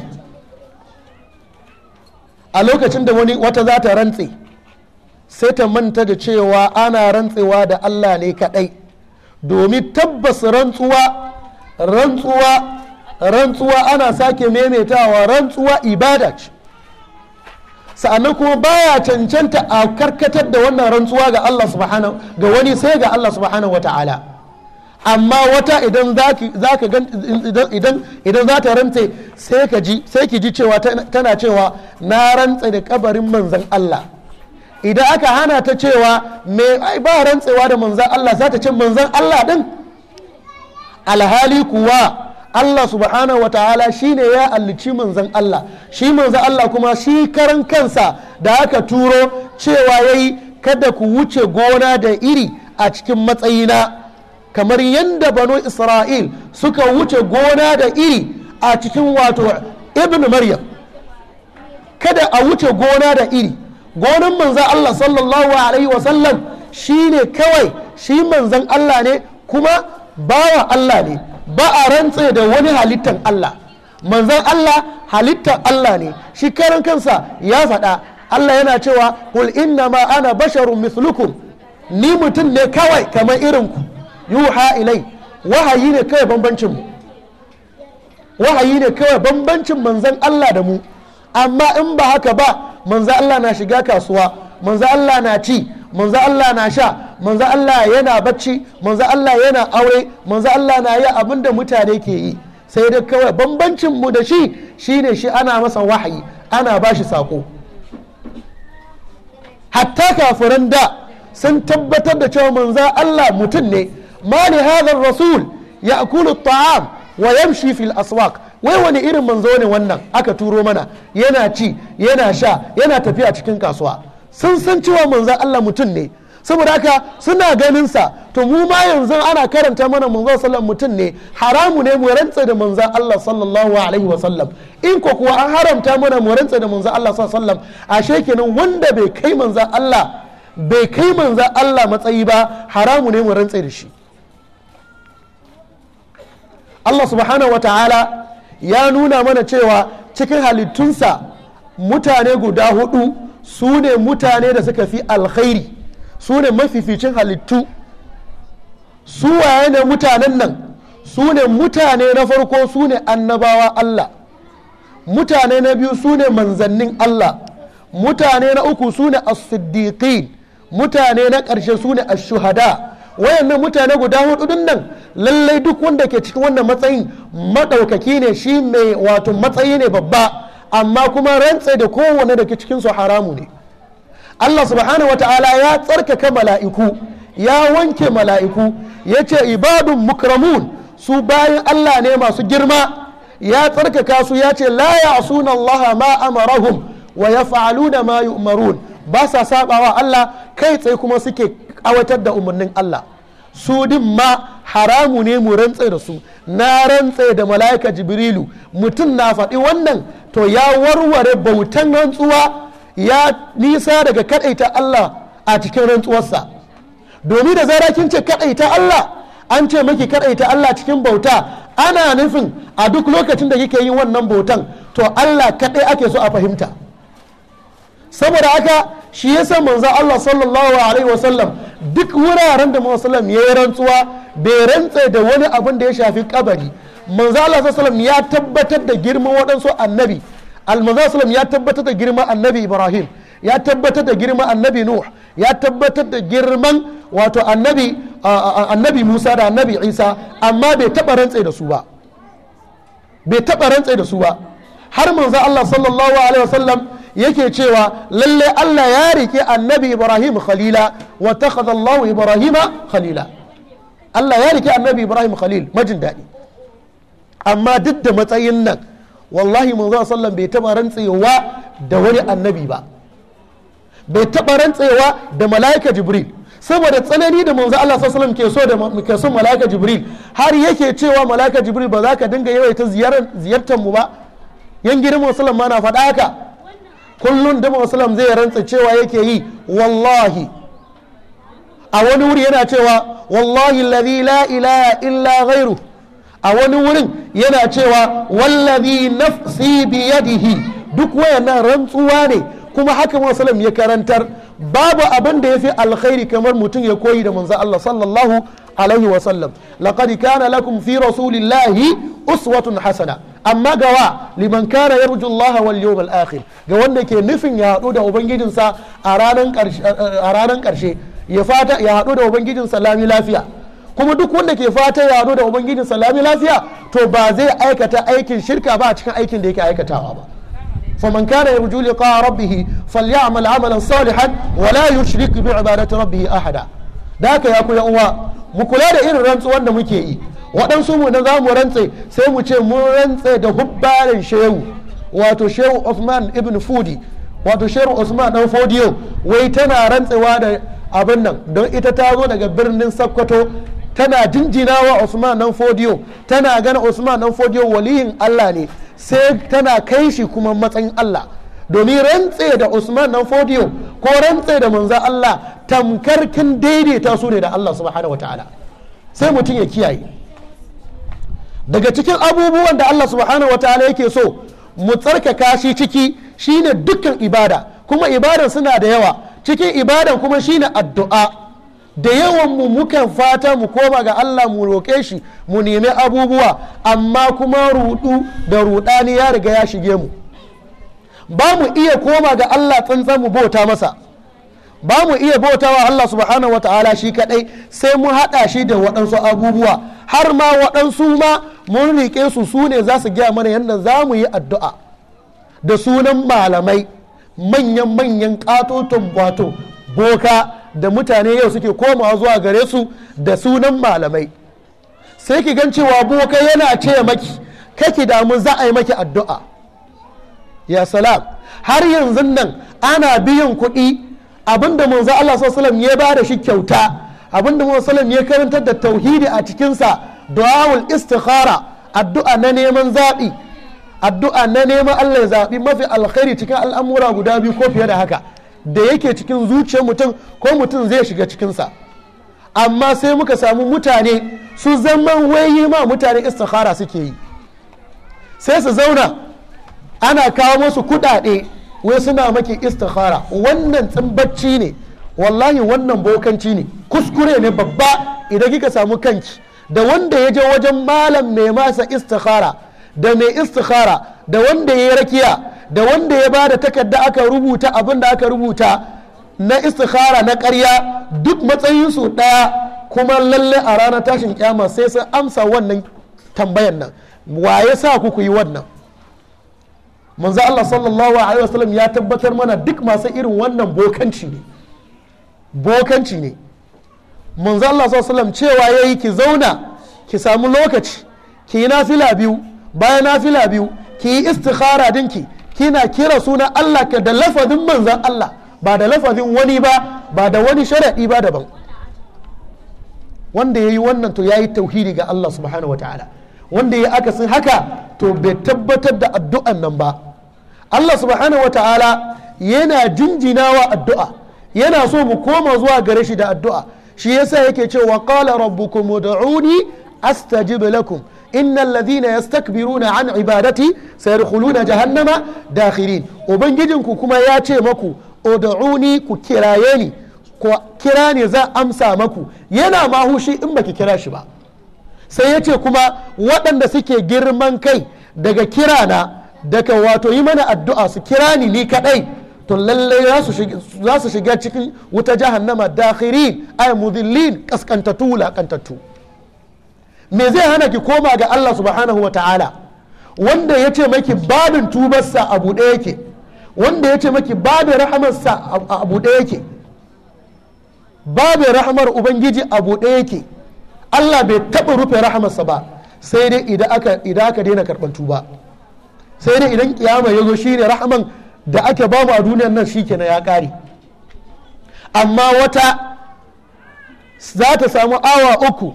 a lokacin da wani wata za ta rantse sai ta manta da cewa ana rantsewa da allah ne kadai domin tabbas rantsuwa rantsuwa rantsuwa ana sake maimaitawa rantsuwa ibada ce sa'annan kuma baya cancanta a karkatar da wannan rantsuwa ga Allah subhanahu ga wani sai ga Allah subhanahu wata'ala amma wata idan zaka gan idan idan za ta rantse sai ka ji sai ki ji cewa tana cewa na rantse da kabarin manzon Allah idan aka hana ta cewa me ai ba rantsewa da manzon Allah za ta ce manzon Allah din alhali kuwa Allah subhanahu wataala shine ya allici manzan Allah shi manzan Allah kuma shi karan kansa da aka turo cewa yayi kada ku wuce gona da iri a cikin matsayina kamar yadda bano isra'il suka wuce gona da iri a cikin wato ibn maryam kada a wuce gona da iri gonan manzan Allah sallallahu alaihi wasallam shi kawai shi manzan Allah ne kuma bawa Allah ne ba a rantse da wani halittar Allah manzan Allah halittar Allah ne shi karan kansa ya faɗa Allah yana cewa kul inna ma ana basharun mislukum ni mutum ne kawai kamar irin ku yuha ilai wahayi ne kawai bambancin mu wahayi ne kawai bambancin manzan Allah da mu amma in ba haka ba manzan Allah na shiga kasuwa manzan Allah na ci manzo Allah na sha manzo Allah yana bacci manzo Allah yana aure manzo Allah na yi abin da mutane ke yi sai dai kawai bambancin mu da shi shine shi ana masa wahayi ana bashi sako hatta kafiran da sun tabbatar da cewa manzo Allah mutum ne mali hadha rasul ya'kulu at-ta'am wa yamshi fil aswaq wai wani irin manzo ne wannan aka turo mana yana ci yana sha yana tafiya cikin kasuwa sun san cewa manzon Allah mutum ne saboda haka suna ganin sa to mu ma yanzu ana karanta mana manzon sallallahu mutum ne haramu ne mu rantsa da manzon Allah sallallahu alaihi wa sallam in ko kuwa an haramta mana mu rantsa da manzon Allah sallallahu alaihi wa sallam ashe kenan wanda bai kai manzon Allah bai kai manzon Allah matsayi ba haramu ne mu rantsa da shi Allah subhanahu ta'ala ya nuna mana cewa cikin halittunsa mutane guda hudu su ne mutane da suka fi alkhairi su ne mafificin halittu su waye ne mutanen nan su ne mutane na farko su ne annabawa Allah mutane na biyu su ne manzannin Allah mutane na uku su ne as-siddiqin mutane na ƙarshe su ne ashuhada shuhada wayannan mutane guda hudu din nan lallai duk wanda ke cikin wannan matsayin maɗaukaki ne shi mai wato matsayi ne babba amma kuma rantse da kowane daga cikinsu haramu ne Allah subhanahu ta'ala ya tsarkaka mala'iku ya wanke mala'iku ya ce ibadun mukramun su bayan Allah ne masu girma ya tsarkaka su ya ce la ya Allah ma amarahum wa ya fa'alu da ma yu'marun ba sa sabawa Allah kai tsaye kuma suke kawatar da umarnin Allah su din ma haramu ne mu rantse da su na rantse da mala'ika jibrilu mutum na faɗi wannan to ya warware bautan rantsuwa ya nisa daga kadaita Allah a cikin rantsuwarsa domin da zara kin ce kadaita Allah an ce maki kadaita Allah cikin bauta ana nufin a duk lokacin da kike yin wannan bautan to Allah kadai ake so a fahimta saboda haka shi yasa manzo Allah sallallahu alaihi wasallam duk wuraren da Muhammad ya rantsuwa bai rantsa da wani abin da ya shafi kabari manzala Allah ya tabbatar da girman waɗansu annabi almanzo sallallahu ya tabbatar da girman annabi Ibrahim ya tabbatar da girman annabi Nuh ya tabbatar da girman wato annabi annabi Musa da annabi Isa amma bai taɓa rantsai da su ba bai taba rantsai da su ba har manzo Allah sallallahu alaihi wasallam yake cewa lalle Allah ya rike annabi Ibrahim khalila wa takhadha Allah Ibrahima khalila Allah ya rike annabi Ibrahim khalil majin daɗi amma duk da matsayin nan wallahi manzo sallan bai taba rantsewa da wani annabi ba bai taba rantsewa da mala'ika jibril saboda tsanani da manzo Allah ke so da ke so mala'ika jibril har yake cewa mala'ika jibril ba za ka dinga yawaita ziyarar ziyartar mu ba yan girman sallam ma na faɗa haka kullun da sallam zai rantsa cewa yake yi wallahi a wani wuri yana cewa wallahi alladhi la ilaha illa ghairuhu a wani wurin yana cewa wallazi nafsi biyadihi duk wayannan rantsuwa ne kuma haka musulun ya karantar babu abin da ya fi alkhairi kamar mutum ya koyi da manzo Allah sallallahu alaihi wa sallam laqad kana lakum fi rasulillahi uswatun hasana amma gawa liman kana yarju Allah wal yawmal akhir ga wanda ke nufin ya hadu da ubangijinsa a ranar karshe ya fata ya hadu da ubangijinsa lami lafiya kuma duk wanda ke fatan ya da ubangijin salami lafiya to ba zai aikata aikin shirka ba a cikin aikin da yake aikatawa ba faman kana yarju liqa rabbih falyamal amalan salihan wala yushrik bi ibadati rabbih ahada da haka ya ku ya uwa mu kula da irin rantsuwan da muke yi waɗansu mu na za mu rantse sai mu ce mun rantse da hubbarin shehu wato shehu Osman ibn Fudi wato shehu Osman dan Fodiyo wai tana rantsewa da abin nan don ita ta zo daga birnin Sokoto tana jinjina wa Usman dan fodiyo tana gana Usman dan fodiyo waliyin Allah ne sai tana kai shi kuma matsayin Allah domin rantse da Usman dan fodiyo ko rantse da manzo Allah tamkar kin daidaita su ne da Allah subhanahu wataala sai mutum ya kiyaye daga cikin abubuwan da Allah subhanahu wataala yake so mu tsarkaka shi ciki shine dukkan ibada kuma ibadan suna da yawa cikin ibadan kuma shine addu'a da yawan mu mukan fata mu koma ga Allah mu roƙe shi mu nemi abubuwa amma kuma rudu da rudani ya riga ya shige mu ba mu iya koma ga Allah tsantsan mu bauta masa ba mu iya bautawa Allah subhanahu wata'ala shi kadai sai mu haɗa shi da waɗansu abubuwa har ma waɗansu ma mun riƙe su su ne za su gaya mana yadda za mu yi addu'a da sunan malamai manyan manyan ƙatoton wato boka da mutane yau suke komawa zuwa gare su da sunan malamai sai ki gan cewa boka yana ce maki kake damu za a yi maki addu'a ya salam har yanzu nan ana biyan kuɗi abinda manzo Allah sallallahu ya bada shi kyauta abinda manzo sallallahu ya karantar da tauhidi a cikinsa du'aul istikhara addu'a na neman zaɓi addu'a na neman Allah ya zaɓi mafi alkhairi cikin al'amura guda biyu ko fiye da haka da yake cikin zuciyar mutum ko mutum zai shiga cikinsa amma sai muka samu mutane su zaman wayi ma mutane istikhara suke yi sai su zauna ana kawo masu kuɗaɗe wai suna maki istikhara wannan tsimbacci ne wallahi wannan bokanci ne kuskure ne babba idan kika samu kanki da wanda ya je wajen malam mai masa istikhara da mai istikhara da wanda ya yi rakiya da wanda ya ba da takarda aka rubuta abin da aka rubuta na istikhara na karya duk matsayinsu ɗaya kuma lalle a ranar tashin kyama sai sun amsa wannan tambayan nan wa ya sa ku ku yi wannan manzo Allah sallallahu alaihi wasallam ya tabbatar mana duk masu irin wannan bokanci ne bokanci ne manzo Allah sallallahu alaihi wasallam cewa yayi ki zauna ki samu lokaci ki yi nafila biyu bayan nafila biyu ki yi istikhara dinki kina kira suna Allah ka da lafazin manzan Allah ba da lafazin wani ba ba da wani shara'i ba daban wanda ya yi wannan to ya yi tauhidi ga Allah subhanahu wa ta'ala wanda ya akasin haka to bai tabbatar da addu'an nan ba Allah subhanahu wa ta'ala yana jinjinawa addu'a yana so mu koma zuwa gare shi da addu'a shi yasa yake cewa qala rabbukum ud'uni astajib lakum innal ladhina yastakbiruna an ibadati sayadkhuluna jahannama dakhirin ubangijinku kuma ya ce maku ud'uni ku kiraye ni ko ne za amsa maku yana ma hushi in baki kira shi ba sai ya ce kuma waɗanda suke girman kai daga kirana daga wato yi mana addu'a su kira ni ni kaɗai to lallai za su shiga cikin wuta jahannama dakhirin ay mudillin kaskantattu wulaƙantattu me zai hana ki koma ga Allah subhanahu wata'ala wanda ya ce maki babin tubarsa a buɗe yake wanda ya ce maki babin rahamarsa a buɗe yake babin rahamar ubangiji a buɗe yake Allah bai taɓa rufe rahamarsa ba sai dai idan aka idan aka daina karɓar tuba sai dai idan kiyama ya zo shine rahaman da ake bamu a duniyar nan kenan ya ƙare amma wata za ta samu awa uku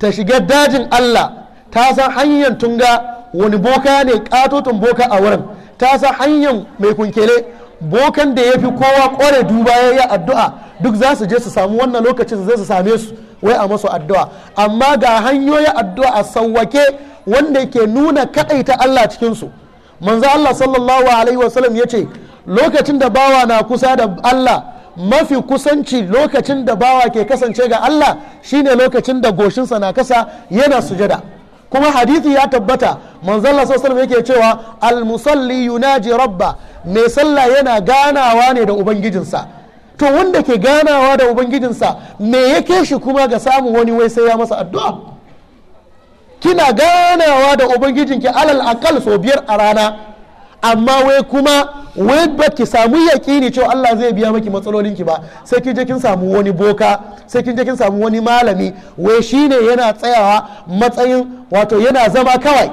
ta shiga dajin Allah ta san hanyar tunga wani boka ne katotun boka a wurin ta san hanyar mai kunkele bokan da ya fi kowa kore duba ya yi addu'a duk za su je su samu wannan lokacin zai su same su wai a masu addu'a amma ga hanyoyin addu'a a sauwake wanda ke nuna ta Allah cikinsu manzo Allah sallallahu alaihi wasallam ya ce lokacin da bawa na kusa da Allah mafi kusanci lokacin da bawa ke kasance ga Allah shine lokacin da goshinsa na kasa yana sujada kuma hadithi ya tabbata manzalla sosai yake cewa almusalli yunaji rabba mai sallah yana ganawa ne da ubangijinsa to wanda ke ganawa da ubangijinsa me yake shi kuma ga samun wani wai sai ya masa addu'a kina ganawa da ubangijinki alal akal sau biyar a rana amma wai kuma wai ba ki samu yaƙini cewa Allah zai biya maki matsalolin ki ba sai kin je kin samu wani boka sai kin je kin samu wani malami wai shine yana tsayawa matsayin wato yana zama kawai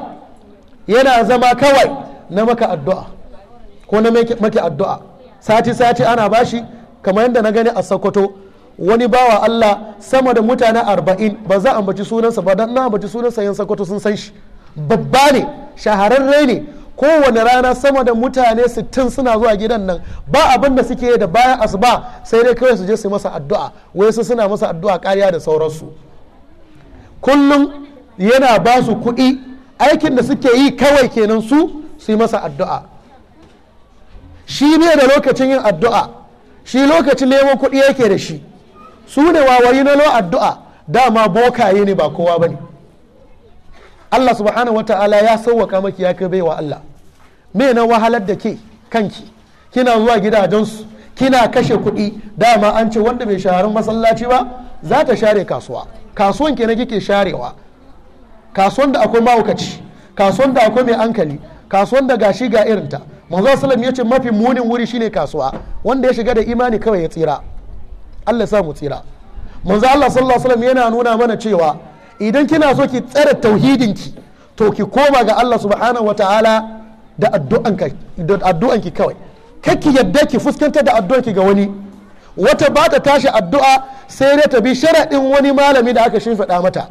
yana zama kawai na maka addu'a ko na maki addu'a sati sati ana bashi kamar yadda na gani a Sokoto wani bawa Allah sama da mutane arba'in ba za a ambaci sunansa ba dan na ambaci sunansa yan Sokoto sun san shi babba ne shahararre ne kowane rana sama da mutane sittin suna zuwa gidan nan ba abin da suke da bayan asuba sai dai kawai su je su masa addu'a wai su suna masa addu'a kariya da sauransu kullum yana ba su kuɗi aikin da suke yi kawai kenan su su yi masa addu'a shi ne da lokacin yin addu'a shi lokacin neman kuɗi yake da shi su ne wawayi na lo addu'a dama bokaye ne ba kowa ba ne Allah subhanahu ta'ala ya sauwaka maki ya kai baiwa Allah me na wahalar da ke kanki kina zuwa gidajensu kina kashe kuɗi dama an ce wanda bai shaharin masallaci ba za ta share kasuwa kasuwan ke na kike sharewa kasuwan da akwai mahaukaci kasuwan da akwai mai ankali kasuwan da gashi ga irinta manzo sallam ya ce mafi munin wuri shine kasuwa wanda ya shiga da imani kawai ya tsira Allah sa mu tsira manzo Allah sallallahu alaihi wasallam yana nuna mana cewa idan kina so ki tsare ki to ki koma ga Allah subhanahu wataala da addu'anka da addu'anki kawai ki yadda ki fuskantar da ki ga wani wata ba ta tashi addu'a sai dai ta bi sharaɗin wani malami da aka shimfiɗa mata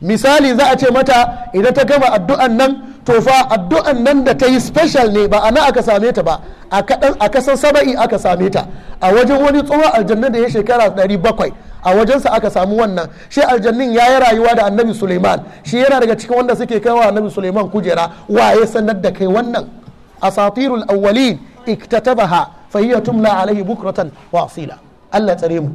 misali za a ce mata idan ta gama addu'an nan to fa addu'an nan da ta yi special ne ba a na aka same ta ba a kasan saba'i aka same ta a wajen wani tsohon aljanna da ya shekara 700 a wajensa aka samu wannan shi aljannin ya yi rayuwa da annabi suleiman shi yana daga cikin wanda suke kai wa annabi suleiman kujera wa ya sanar da kai wannan asatirul awwalin iktatabaha fa hiya tumla alaihi bukratan wa asila Allah tsare mu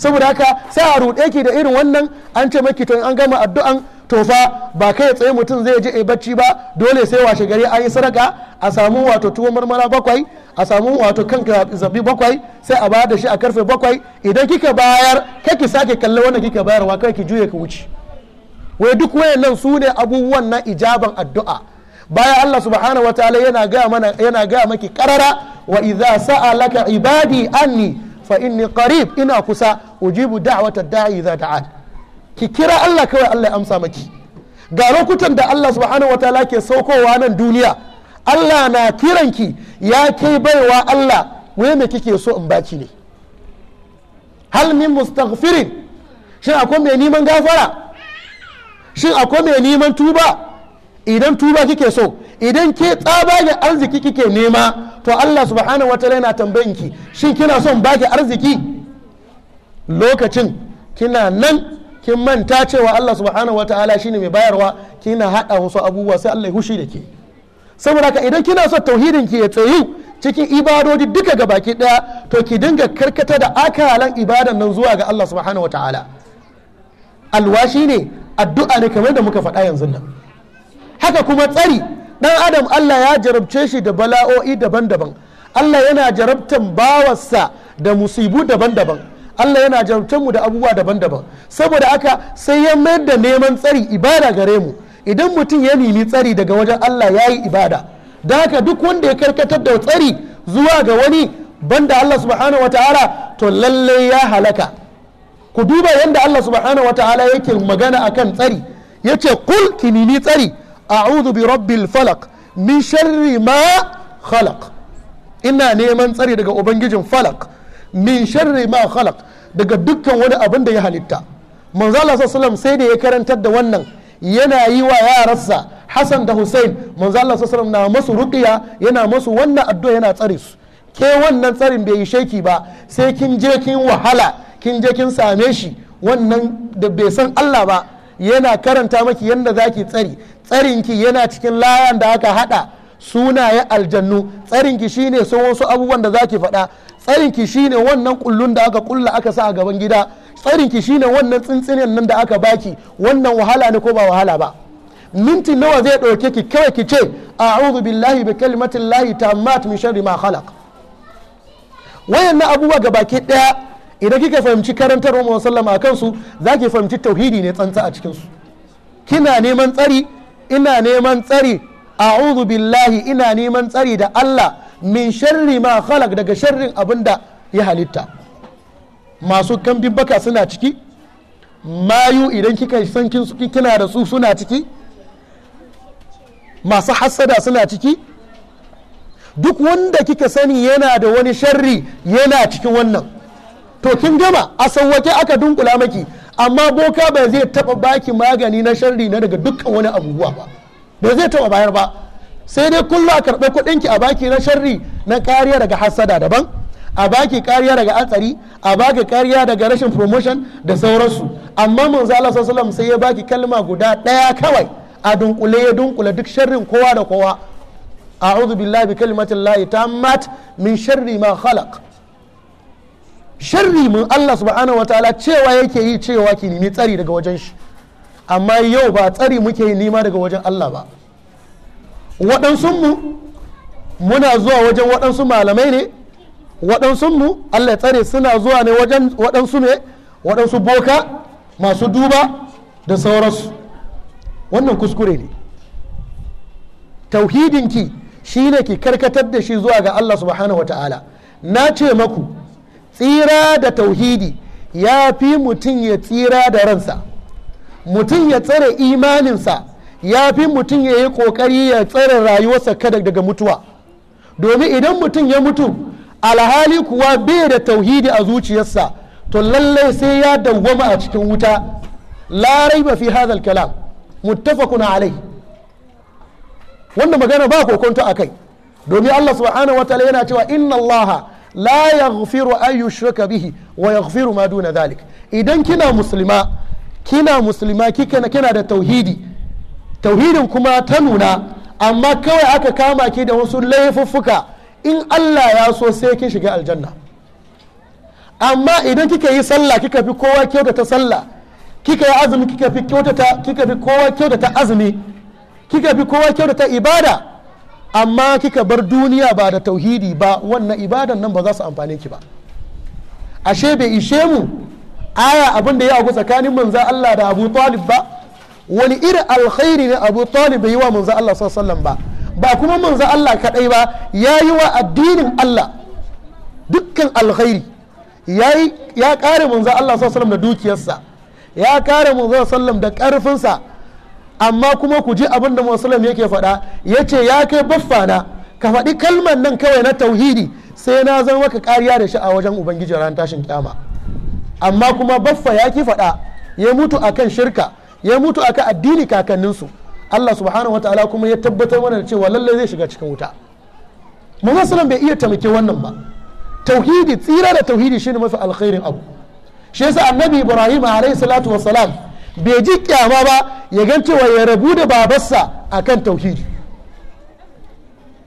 saboda haka sai a ruɗe ki da irin wannan an ce maki to an gama addu'an to fa ba kai tsaye mutum zai je a bacci ba dole sai washe gari an yi sadaka a samu wato tuwon marmara bakwai a samu wato kan zabi bakwai sai a bayar da shi a karfe bakwai idan kika bayar kai ki sake kalle wannan kika bayar wa kai ki juye ki wuce wai duk wayannan su ne abubuwan na ijaban addu'a baya Allah subhanahu wataala yana gaya mana yana gaya maki karara wa idza sa'alaka ibadi anni fa inni qarib ina kusa ujibu da'wata da'i idza da'an ki kira Allah kawai Allah ya amsa maki ga lokutan da Allah subhanahu wataala ke saukowa nan duniya Allah na kiranki ya kai baiwa Allah wai me kike so in baki ne hal min mustaghfirin shin akwai mai neman gafara shin akwai mai neman tuba idan tuba kike so idan ke tsabagen arziki kike nema to Allah subhanahu wataala yana tambayin ki shin kina son baki arziki lokacin kina nan kin manta cewa Allah subhanahu wataala shine mai bayarwa kina hada wasu abubuwa sai Allah ya hushi da ke saboda haka idan kina son tauhidin ki ya tsayu cikin ibadodi duka ga baki daya to ki dinga karkata da akalan ibadan nan zuwa ga Allah subhanahu wataala alwashi ne addu'a ne kamar da muka faɗa yanzu nan haka kuma tsari dan adam Allah ya jarabce shi da bala'o'i daban-daban Allah yana jarabtan bawarsa da musibu daban-daban Allah yana jarabtan mu da abubuwa daban-daban saboda aka sai ya mayar da neman tsari ibada gare mu idan mutum ya nemi tsari daga wajen Allah ya yi ibada da haka duk wanda ya karkatar da tsari zuwa ga wani banda Allah subhanahu wataala to lallai ya halaka ku duba yadda Allah subhanahu wataala yake magana akan tsari yace kul ki nemi tsari a'udhu bi rabbil falaq min sharri ma khalaq ina neman tsari daga ubangijin falak min sharri ma khalaq daga dukkan wani abin da ya halitta manzo Allah sallallahu sai da ya karantar da wannan yana yi wa yaransa Hassan da Hussein manzo Allah sallallahu na masu ruqiya yana masu wannan addu'a yana tsare su ke wannan tsarin bai yi sheki ba sai kin je kin wahala kin je kin same shi wannan da bai san Allah ba yana karanta maki yadda zaki tsari tsarinki yana cikin layan da aka hada sunaye aljannu tsarinki shine sun wasu abubuwan da zaki faɗa tsarinki shine wannan kullun da aka kulla aka sa a gaban gida tsarinki shine wannan tsintsinin nan da aka baki wannan wahala ne ko ba wahala ba minti nawa zai ɗauke ki kawai ki ce a'udhu billahi bi kalimatin tammat min sharri ma khalaq wayannan abubuwa baki daya idan kika fahimci karantar wa sallama akan su za ki fahimci tauhidi ne tsantsa a cikin su kina neman tsari ina neman tsari a'udhu billahi ina neman tsari da Allah min sharri ma khalaq daga sharrin da ya halitta masu kambin baka suna ciki mayu idan kika san kina da su suna ciki masu hassada suna ciki duk wanda kika sani yana da wani sharri yana cikin wannan to kin gama a sauwake aka dunkula maki amma boka ba zai taba baki magani na sharri na daga dukkan wani abubuwa ba ba zai taba bayar ba sai dai kullum a karɓi kuɗinki a baki na sharri na kariya daga hassada daban a baki kariya daga hatsari a baki kariya daga rashin promotion da sauransu amma manzo Allah sallallahu sai ya baki kalma guda ɗaya kawai a dunkule ya dunkule duk sharrin kowa da kowa a'udhu billahi bi kalimatillahi tammat min sharri ma khalaq sharri mun Allah subhanahu Ta'ala cewa yake yi cewa ki nemi tsari daga wajen shi amma yau ba tsari muke yi nima daga wajen Allah ba waɗansunmu muna zuwa wajen waɗansu malamai ne waɗansunmu Allah ya tsare suna zuwa ne wajen waɗansu ne waɗansu boka masu duba da sauransu wannan kuskure ne tauhidinki shi ne ki karkatar da shi zuwa ga Allah subhanahu wa ta'ala na ce maku tsira da tauhidi ya fi mutum ya tsira da ransa mutum ya tsare imaninsa ya fi mutum ya yi ƙoƙari ya tsare rayuwarsa kada daga mutuwa domin idan mutum ya mutu alhali kuwa bai da tauhidi a zuciyarsa to lallai sai ya dawwama a cikin wuta larai ba fi hadal kalam kuna alai wanda magana ba kokonto kai. domin Allah subhanahu wataala yana cewa inna Allaha la yaghfiru an yushraka bihi wa yaghfiru ma duna dhalik idan kina musulma kina musulma kika kina da tauhidi tauhidin kuma ta nuna amma kawai aka kama ki da wasu laifuffuka in Allah ya so sai ki shiga aljanna amma idan kika yi sallah kika fi kowa kyautata sallah kika yi azumi kika fi kowa kyautata azumi kika fi kowa kyautata ibada amma kika bar duniya ba da tauhidi ba wannan ibadan nan ba za su amfane ki ba ashe bai ishe mu aya abin da ya abu tsakanin manzan Allah da Abu Talib ba wani irin alkhairi ne Abu Talib bai yi wa manzan Allah sallallahu ba ba kuma manzan Allah kadai ba ya yi wa addinin Allah dukkan alkhairi ya kare manzan Allah sallallahu da dukiyarsa ya kare manzan sallallahu da karfinsa amma kuma ku ji abin da musulun yake faɗa ya ce ya kai baffa na ka faɗi kalmar nan kawai na tauhidi sai na zan maka kariya da shi a wajen ubangiji ran tashin kyama amma kuma baffa ya ki faɗa ya mutu akan shirka ya mutu akan addini kakanninsu Allah subhanahu wataala kuma ya tabbatar mana da cewa lallai zai shiga cikin wuta musulun bai iya taimake wannan ba tauhidi tsira da tauhidi shine mafi alkhairin abu shi yasa annabi ibrahim alayhi salatu wassalam bai ji kyama ba ya gan cewa ya rabu da babarsa akan tauhidi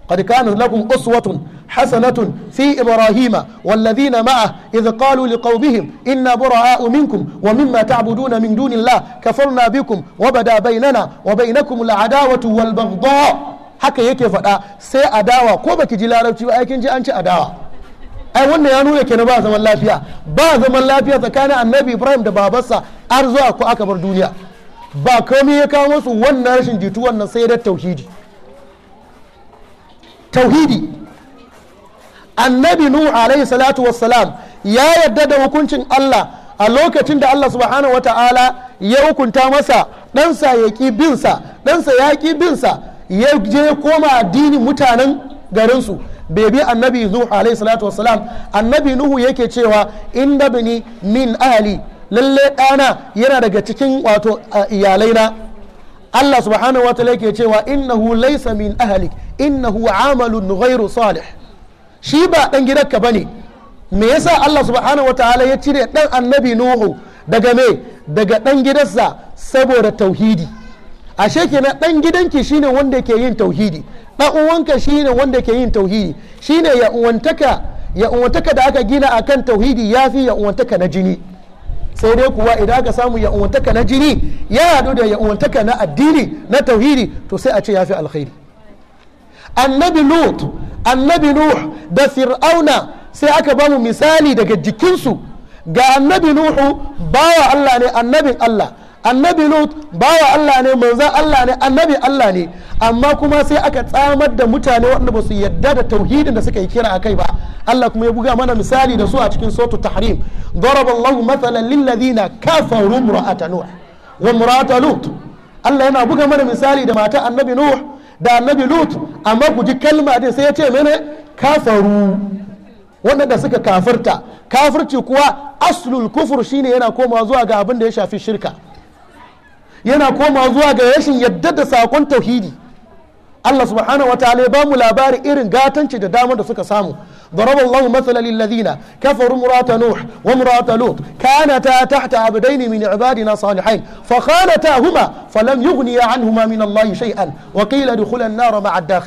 قد كانت لكم أسوة حسنة في إبراهيم والذين معه إذ قالوا لقومهم إنا براء منكم ومما تعبدون من دون الله كفرنا بكم وبدا بيننا وبينكم العداوة والبغضاء haka yake faɗa sai adawa ko baki ji larabci ba aikin ji an ci adawa ai wannan ya nuna kenan ba zaman lafiya ba zaman lafiya tsakanin annabi ibrahim da babarsa har zuwa ko aka bar duniya ba komai ya kawo su wannan rashin jitu wannan sai da tauhidi tauhidi annabi nuhu alaihi salatu wassalam ya yarda da hukuncin allah a lokacin da allah subhanahu wata'ala ya hukunta masa ɗansa ya ƙi binsa ɗansa ya ƙi binsa ya je koma addinin mutanen garinsu bai bi annabi nuhu alaihi salatu wassalam annabi nuhu yake cewa inda bini min ahli lalle dana yana daga cikin wato iyalaina Allah subhanahu wataala yake cewa innahu laysa min ahlik innahu amalun ghairu salih shi ba dan gidanka bane me yasa Allah subhanahu wataala ya cire dan annabi nuhu daga me daga dan gidansa saboda tauhidi ashe kenan dan gidanki shine wanda ke yin tauhidi dan uwanka shine wanda ke yin tauhidi shine ya uwantaka ya uwantaka da aka gina akan tauhidi yafi ya uwantaka na jini sai dai kuwa idan aka samu ya uwantaka na jini ya hadu da ya uwantaka na addini na tauhidi to sai a ce yafi alkhairi annabi lut annabi nuh da fir'auna sai aka bamu misali daga jikinsu ga annabi nuhu bawa Allah ne annabin Allah annabi lut bawa Allah ne manzan Allah ne annabi Allah ne amma kuma sai aka tsamar da mutane waɗanda ba su yadda da tauhidin da suka yi kira a kai ba Allah kuma ya buga mana misali da su a cikin sautu tahrim daraballahu mathalan lilladhina kafaru imra'ata nuh wa imra'ata lut Allah yana buga mana misali da mata annabi nuh da annabi lut amma ku kalma din sai ya ce mene kafaru waɗanda suka kafarta. kafirci kuwa aslul kufur shine yana komawa zuwa ga abin da ya shafi shirka yana koma zuwa ga yashin yadda da sakon tauhidi Allah subhanahu wa bamu labarin irin gatanci da dama da suka samu daraba Allahu mathala lil ladina kafaru murata nuh wa murata lut kanata ta tahta abdayn min ibadina salihin fa khalata huma falam yughni anhum min Allah shay'an wa qila dukhula an-nar ma'a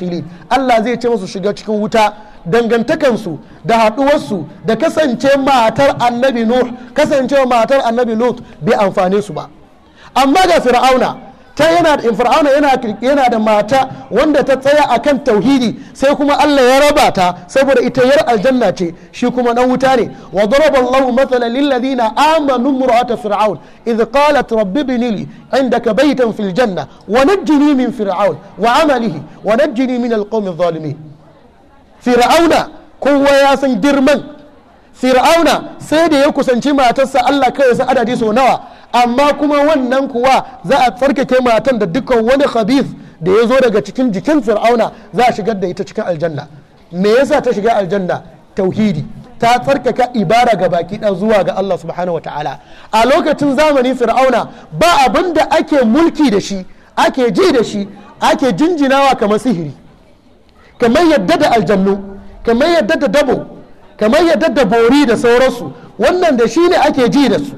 Allah zai ce musu shiga cikin wuta dangantakan su da haduwar da kasance matar annabi nuh kasancewar matar annabi lut bi amfane su ba amma ga fir'auna ta yana fir'auna yana yana da mata wanda ta tsaya akan tauhidi sai kuma Allah ya raba ta saboda ita yar aljanna ce shi kuma dan wuta ne wa daraba mathalan lil ladina amanu mur'ata fir'aun idh qalat rabbi ibni li indaka baytan fil janna wa najjini min fir'aun wa amalihi wa najjini min alqawmi adh-dhalimin fir'auna kowa ya san girman fir'auna sai da ya kusanci matarsa Allah kai sa adadi sau nawa amma kuma wannan kuwa za a tsarkake matan da dukkan wani khabith da ya zo daga cikin jikin fir'auna za a shigar da ita cikin aljanna me yasa ta shiga aljanna tauhidi ta tsarkaka ibara ga baki ɗan zuwa ga Allah subhanahu wa ta'ala a lokacin zamani fir'auna ba abin da ake mulki da shi ake ji da shi ake jinjinawa kamar sihiri kamar yadda da aljannu kamar yadda da dabo kamar yadda da bori da sauransu wannan da shi ne ake ji da su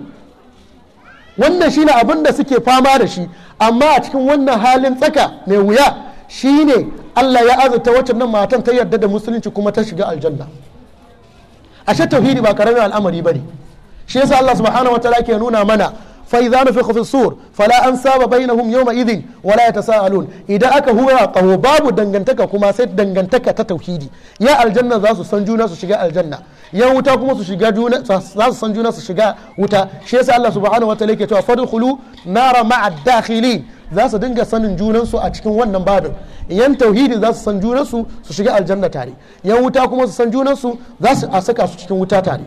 wannan shi ne abin da suke fama da shi amma a cikin wannan halin tsaka mai wuya shi ne allah ya azurta wacce nan matan ta yarda da musulunci kuma ta shiga aljanna ashe tauhidi ba karamin al'amari ba ne shi yasa allah subhanahu wa ta'ala ke nuna mana فإذا نفخ في الصور فلا أنساب بينهم يومئذ ولا يتساءلون إذا أكا هو قهو باب دنغنتك كما سيت دنغنتك تتوحيدي يا الجنة ذاسو سنجونا سشقاء الجنة يا وتا كما سشقاء جونا ذاسو سنجونا سشقاء وتا شيسا الله سبحانه وتعالى كتوا فدخلوا نار مع الداخلين za su dinga sanin junansu a cikin wannan babin yan tauhidi za su san junansu su shiga aljanna tare yan wuta kuma su san junansu za su a saka su cikin wuta tare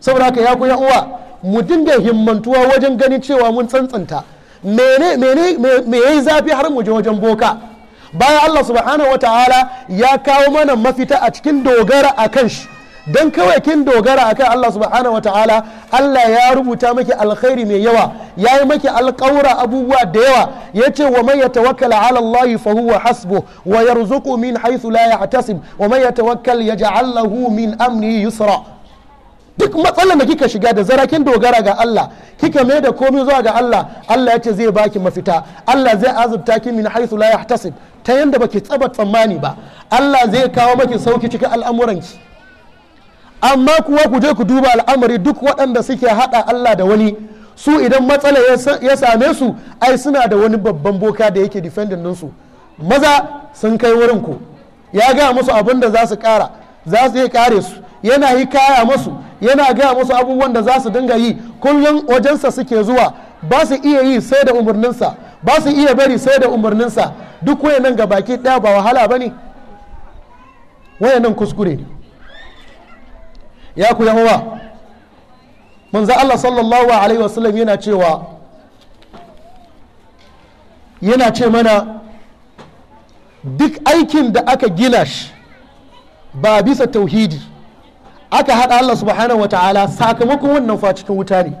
saboda haka ya ku uwa mu dinga himmantuwa wajen ganin cewa mun tsantsanta me yayi zafi har mu je wajen boka bayan Allah subhanahu wa ta'ala ya kawo mana mafita a cikin dogara a kan shi don kawai kin dogara akan Allah subhanahu wa ta'ala Allah ya rubuta maki alkhairi mai yawa ya yi maki alƙawura abubuwa da yawa ya ce wa mai yatawakkala ala Allah fa huwa hasbu wa yarzuqu min haythu la yahtasib wa man yatawakkal yaj'al lahu min amri yusra duk matsalar da kika shiga da zarakin dogara ga Allah kika mai da komai zuwa ga Allah Allah ya ce zai baki mafita Allah zai azubta ki min haythu la yahtasib ta yanda baki tsaba tsammani ba Allah zai kawo maki sauki cikin al'amuranki amma kuwa ku je ku duba al'amari duk waɗanda suke hada Allah da wani su idan matsala ya same su ai suna da wani babban boka da yake defending su maza sun kai wurin ku ya ga musu abin da za su kara za su iya kare su yana yi kaya musu yana gaya musu abubuwan da za su dinga yi kullum wajensa suke zuwa ba su iya yi sai da umarninsa ba su iya bari sai da umarninsa duk wayannan ga baki daya ba wahala ba ne wayannan kuskure ne ya ku yahuwa manzo Allah sallallahu alaihi wasallam yana cewa yana ce mana duk aikin da aka gina shi ba bisa tauhidi aka haɗa Allah subhanahu wa ta'ala sakamakon wannan fa cikin wuta ne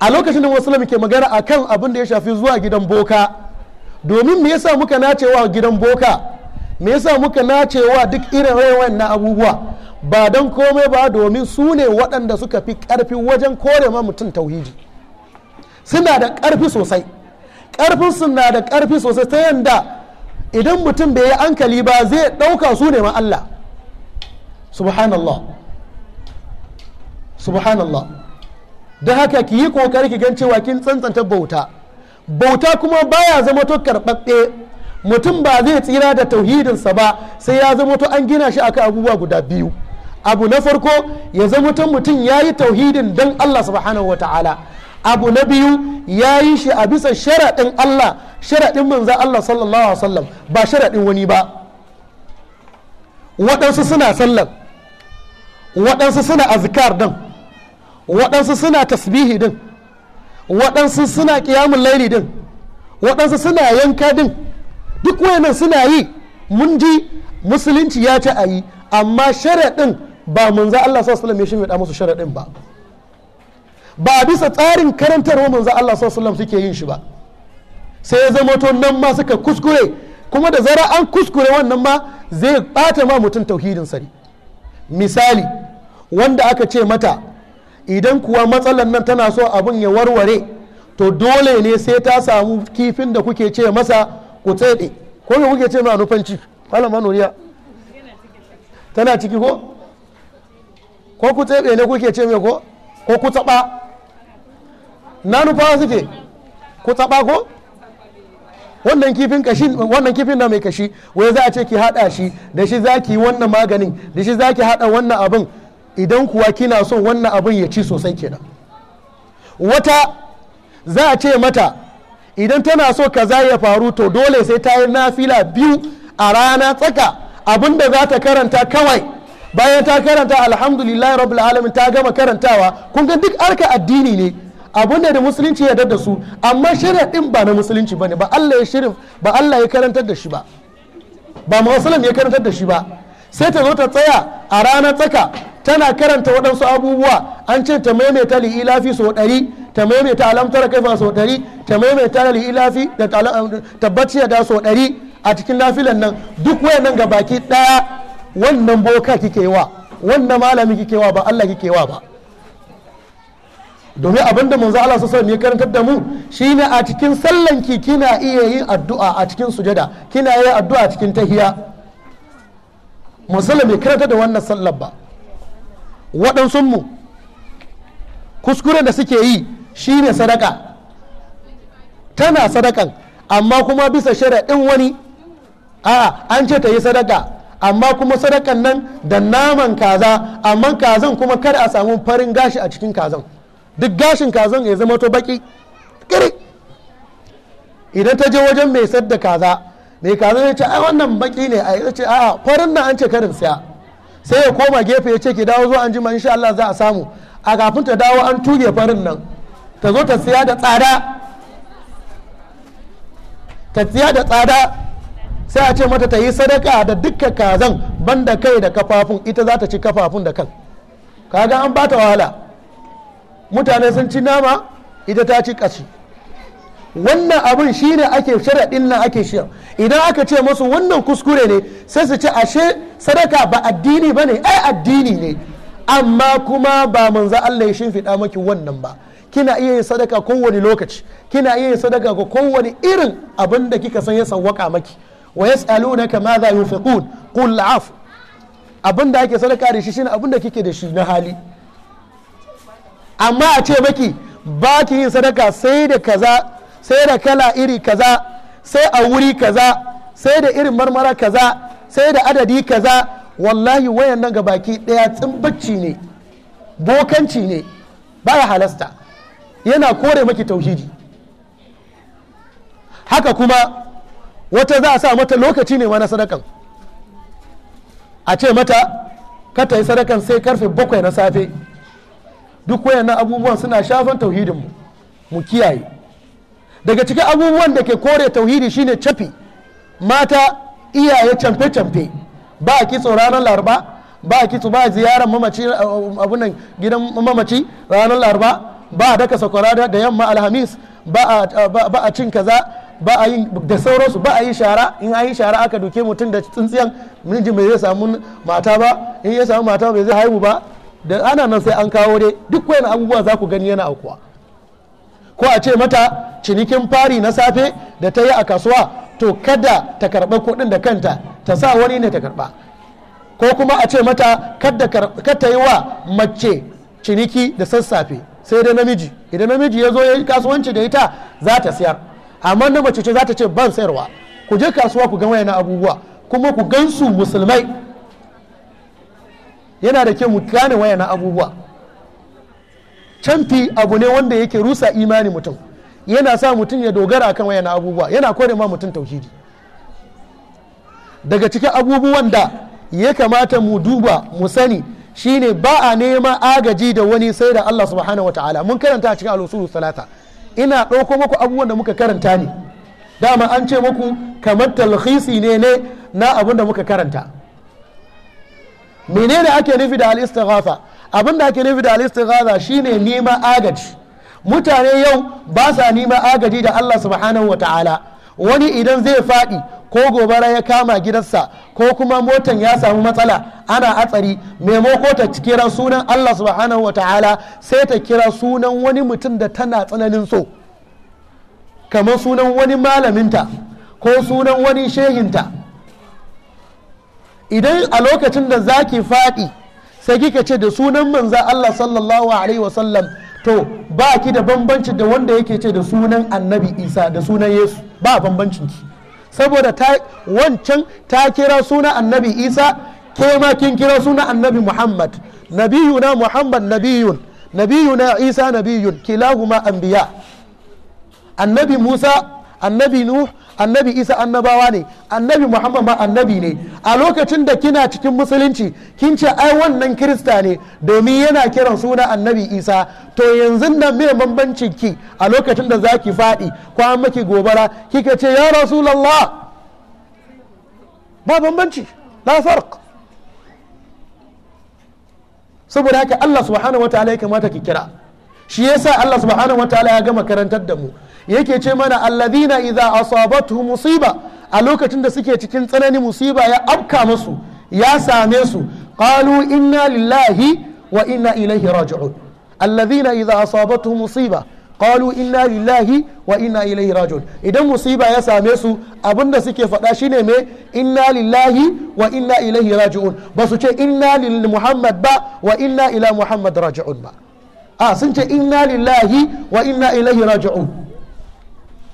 a lokacin da wasu ke magana a kan abin da ya shafi zuwa gidan boka domin me yasa muka nacewa gidan boka me yasa muka nacewa duk irin rayuwar na abubuwa ba don komai ba domin su ne waɗanda suka fi ƙarfi wajen kore ma mutum tauhidi suna da ƙarfi sosai ƙarfin suna da ƙarfi sosai ta yanda idan mutum bai yi hankali ba zai ɗauka su ne ma Allah subhanallah subhanallah don haka ki yi kokari ki gan cewa kin tsantsanta bauta bauta kuma baya zama to karɓaɓɓe mutum ba zai tsira da tauhidinsa ba sai ya zama to an gina shi akan abubuwa guda biyu abu na farko ya zama mutum ya yi tauhidin don Allah subhanahu wa ta'ala abu na biyu ya yi shi a bisa sharaɗin Allah sharaɗin manzan Allah sallallahu alaihi wasallam ba sharaɗin wani ba waɗansu suna sallan waɗansu suna azkar din waɗansu suna tasbihi din waɗansu suna ƙiyamun laili din waɗansu suna yanka din duk wayannan suna yi mun ji musulunci ya ci a yi amma sharaɗin ba manzan Allah sallallahu alaihi wasallam ya shimfiɗa musu sharaɗin ba ba bisa tsarin karantarwa manzo Allah sallallahu suke yin shi ba sai ya zama to nan ma suka kuskure kuma da zara an kuskure wannan ma zai bata ma mutum tauhidin sari misali wanda aka ce mata idan kuwa matsalar nan tana so abun ya warware to dole ne sai ta samu kifin da kuke ce masa ku tsede ko me kuke ce ma nufanci malama manoriya. tana ciki ko ko ku tsede ne kuke ce mai ko ko ku taba na nufawa suke ko taba ko wannan kifin kashin wannan kifin na mai kashi wai za a ce ki hada shi da shi za ki wannan maganin da shi za ki hada wannan abin idan kuwa kina son wannan abin ya ci sosai kenan wata za a ce mata idan tana so ka za ya faru to dole sai ta yi nafila biyu a rana tsaka abinda za ta karanta kawai bayan ta karanta alhamdulillah rabbil alamin ta gama karantawa kun ga duk arka addini ne abu ne da musulunci ya da su amma din ba na musulunci bane ba Allah ya shirin ba Allah ya karantar da shi ba ba musulun ya karantar da shi ba sai ta zo ta tsaya a ranar tsaka tana karanta waɗansu abubuwa an ce ta maimaita li'ilafi sau ɗari ta maimaita alamtara kaifa sau ɗari ta maimaita li'ilafi da tabbaci da sau ɗari a cikin lafilan nan duk wayannan ga baki ɗaya wannan boka kike wa wannan malami kike wa ba Allah kike wa ba domin abin da manzo Allah sallallahu ya karantar da mu shine a cikin sallan ki kina iya yin addu'a a cikin sujada kina yin addu'a a cikin tahiya musulmi karanta da wannan sallar ba waɗansu mu kuskuren da suke yi shine sadaka tana sadakan amma kuma bisa sharaɗin wani a an ce ta yi sadaka amma kuma sadakan nan da naman kaza amma kazan kuma kada a samu farin gashi a cikin kazan duk gashin kazan ya zama to baki kiri idan ta je wajen mai da kaza mai kaza ya ce a wannan baki ne a ce a'a farin nan an ce karin siya sai ya koma gefe ya ce ki dawo zuwa an jima insha Allah za a samu a kafin ta dawo an tuge farin nan ta zo ta siya da tsada ta siya da tsada sai a ce mata ta yi sadaka da dukkan kazan banda kai da kafafun ita za ta ci kafafun da kan kaga an bata wahala mutane sun ci nama ita ta ci kashi wannan abin shi ne ake sharaɗin nan ake shi idan aka ce masu wannan kuskure ne sai su ce ashe sadaka ba addini ba ne ai addini ne amma kuma ba manzo Allah ya shimfiɗa maki wannan ba kina iya yin sadaka kowane lokaci kina iya yin sadaka ga kowane irin abin da kika san ya sawwaka maki wa yas'alunaka ma za yunfiqun qul afu abin da ake sadaka da shi shine abin da kike da shi na hali amma a ce maki ba ki yin sadaka sai da kaza sai da kala iri kaza sai a wuri kaza sai da irin marmara kaza sai da adadi kaza wallahi wayan nan baki daya tsimbacci ne bokanci ne baya halasta yana kore maki tauhidi haka kuma wata za a sa mata lokaci ne na sadakan a ce mata ka ta yi sadakan sai karfe bakwai na safe duk wayannan abubuwan suna shafan tauhidin mu mu kiyaye daga cikin abubuwan da ke kore tauhidi shine cafi mata iyaye camfe camfe ba a kitso ranar laraba ba a kitso ba a ziyarar mamaci abunan gidan mamaci ranar laraba ba a daka sakwara da yamma alhamis ba a cin kaza ba a yi da sauransu ba a yi shara in a yi shara aka duke mutum da tsintsiyan miji mai zai samu mata ba in ya samu mata bai zai haihu ba da ana nan sai an kawo dai duk wani abubuwa za ku gani yana aukuwa ko a ce mata cinikin fari na safe da ta yi a kasuwa to kada ta karɓa kuɗin da kanta ta sa wani ne ta karɓa ko kuma a ce mata kada ta yi wa mace ciniki da sassafe sai dai namiji idan namiji ya zo ya yi kasuwanci da ita za ta siyar amma na mace ce za ta ce ban sayarwa ku je kasuwa ku ga wayan abubuwa kuma ku gansu musulmai yana da kyau mu gane na abubuwa canfi abu ne wanda yake rusa imani mutum yana sa mutum ya dogara kan waya na abubuwa yana kore ma mutum tauhidi daga cikin abubuwan da ya kamata mu duba mu sani shine ba a nema agaji da wani sai da Allah subhanahu wataala mun karanta a cikin al salata ina ɗauko muku abubuwan da muka karanta ne dama an ce muku kamar talhisi ne ne na abin da muka karanta menene ake nufi da al'istighatha abin da ake nufi da al'istighatha shine neman agaji mutane yau ba sa neman agaji da Allah subhanahu wa ta'ala wani idan zai faɗi ko gobara ya kama gidansa ko kuma motan ya samu matsala ana atsari maimako ta kira sunan Allah subhanahu wa ta'ala sai ta kira sunan wani mutum da tana tsananin so kamar sunan wani malaminta ko sunan wani shehinta idan a lokacin da zaki faɗi sai kika ce da sunan manza Allah sallallahu alaihi wasallam to ba ki da bambanci da wanda yake ce da sunan annabi isa da sunan yesu ba bambancin ki saboda wancan ta kira sunan annabi isa ke ma kin kira sunan annabi muhammad nabiyuna muhammad nabiyun nabiyuna isa nabiyun kilahuma anbiya annabi musa annabi nuh annabi isa annabawa ne annabi muhammad ma annabi ne a lokacin da kina cikin musulunci kin ce ai wannan krista ne domin yana kiran suna annabi isa to yanzu nan me bambancin ki a lokacin da zaki faɗi ko an maki gobara kika ce ya rasulullah ba bambanci la farq saboda haka Allah subhanahu ta'ala ya kamata ki kira shi yasa Allah subhanahu ta'ala ya gama karantar da mu yake ce mana alladhina idza asabatuhu musiba a lokacin da suke cikin tsanani musiba ya afka musu ya same su qalu inna lillahi wa inna ilaihi raji'un alladhina idza asabatuhu musiba qalu inna lillahi wa inna ilaihi raji'un idan musiba ya same su abinda suke faɗa shine me inna lillahi wa inna ilaihi raji'un ba su ce inna lil muhammad ba wa inna ila muhammad raji'un ba a sun ce inna lillahi wa inna ilaihi raji'un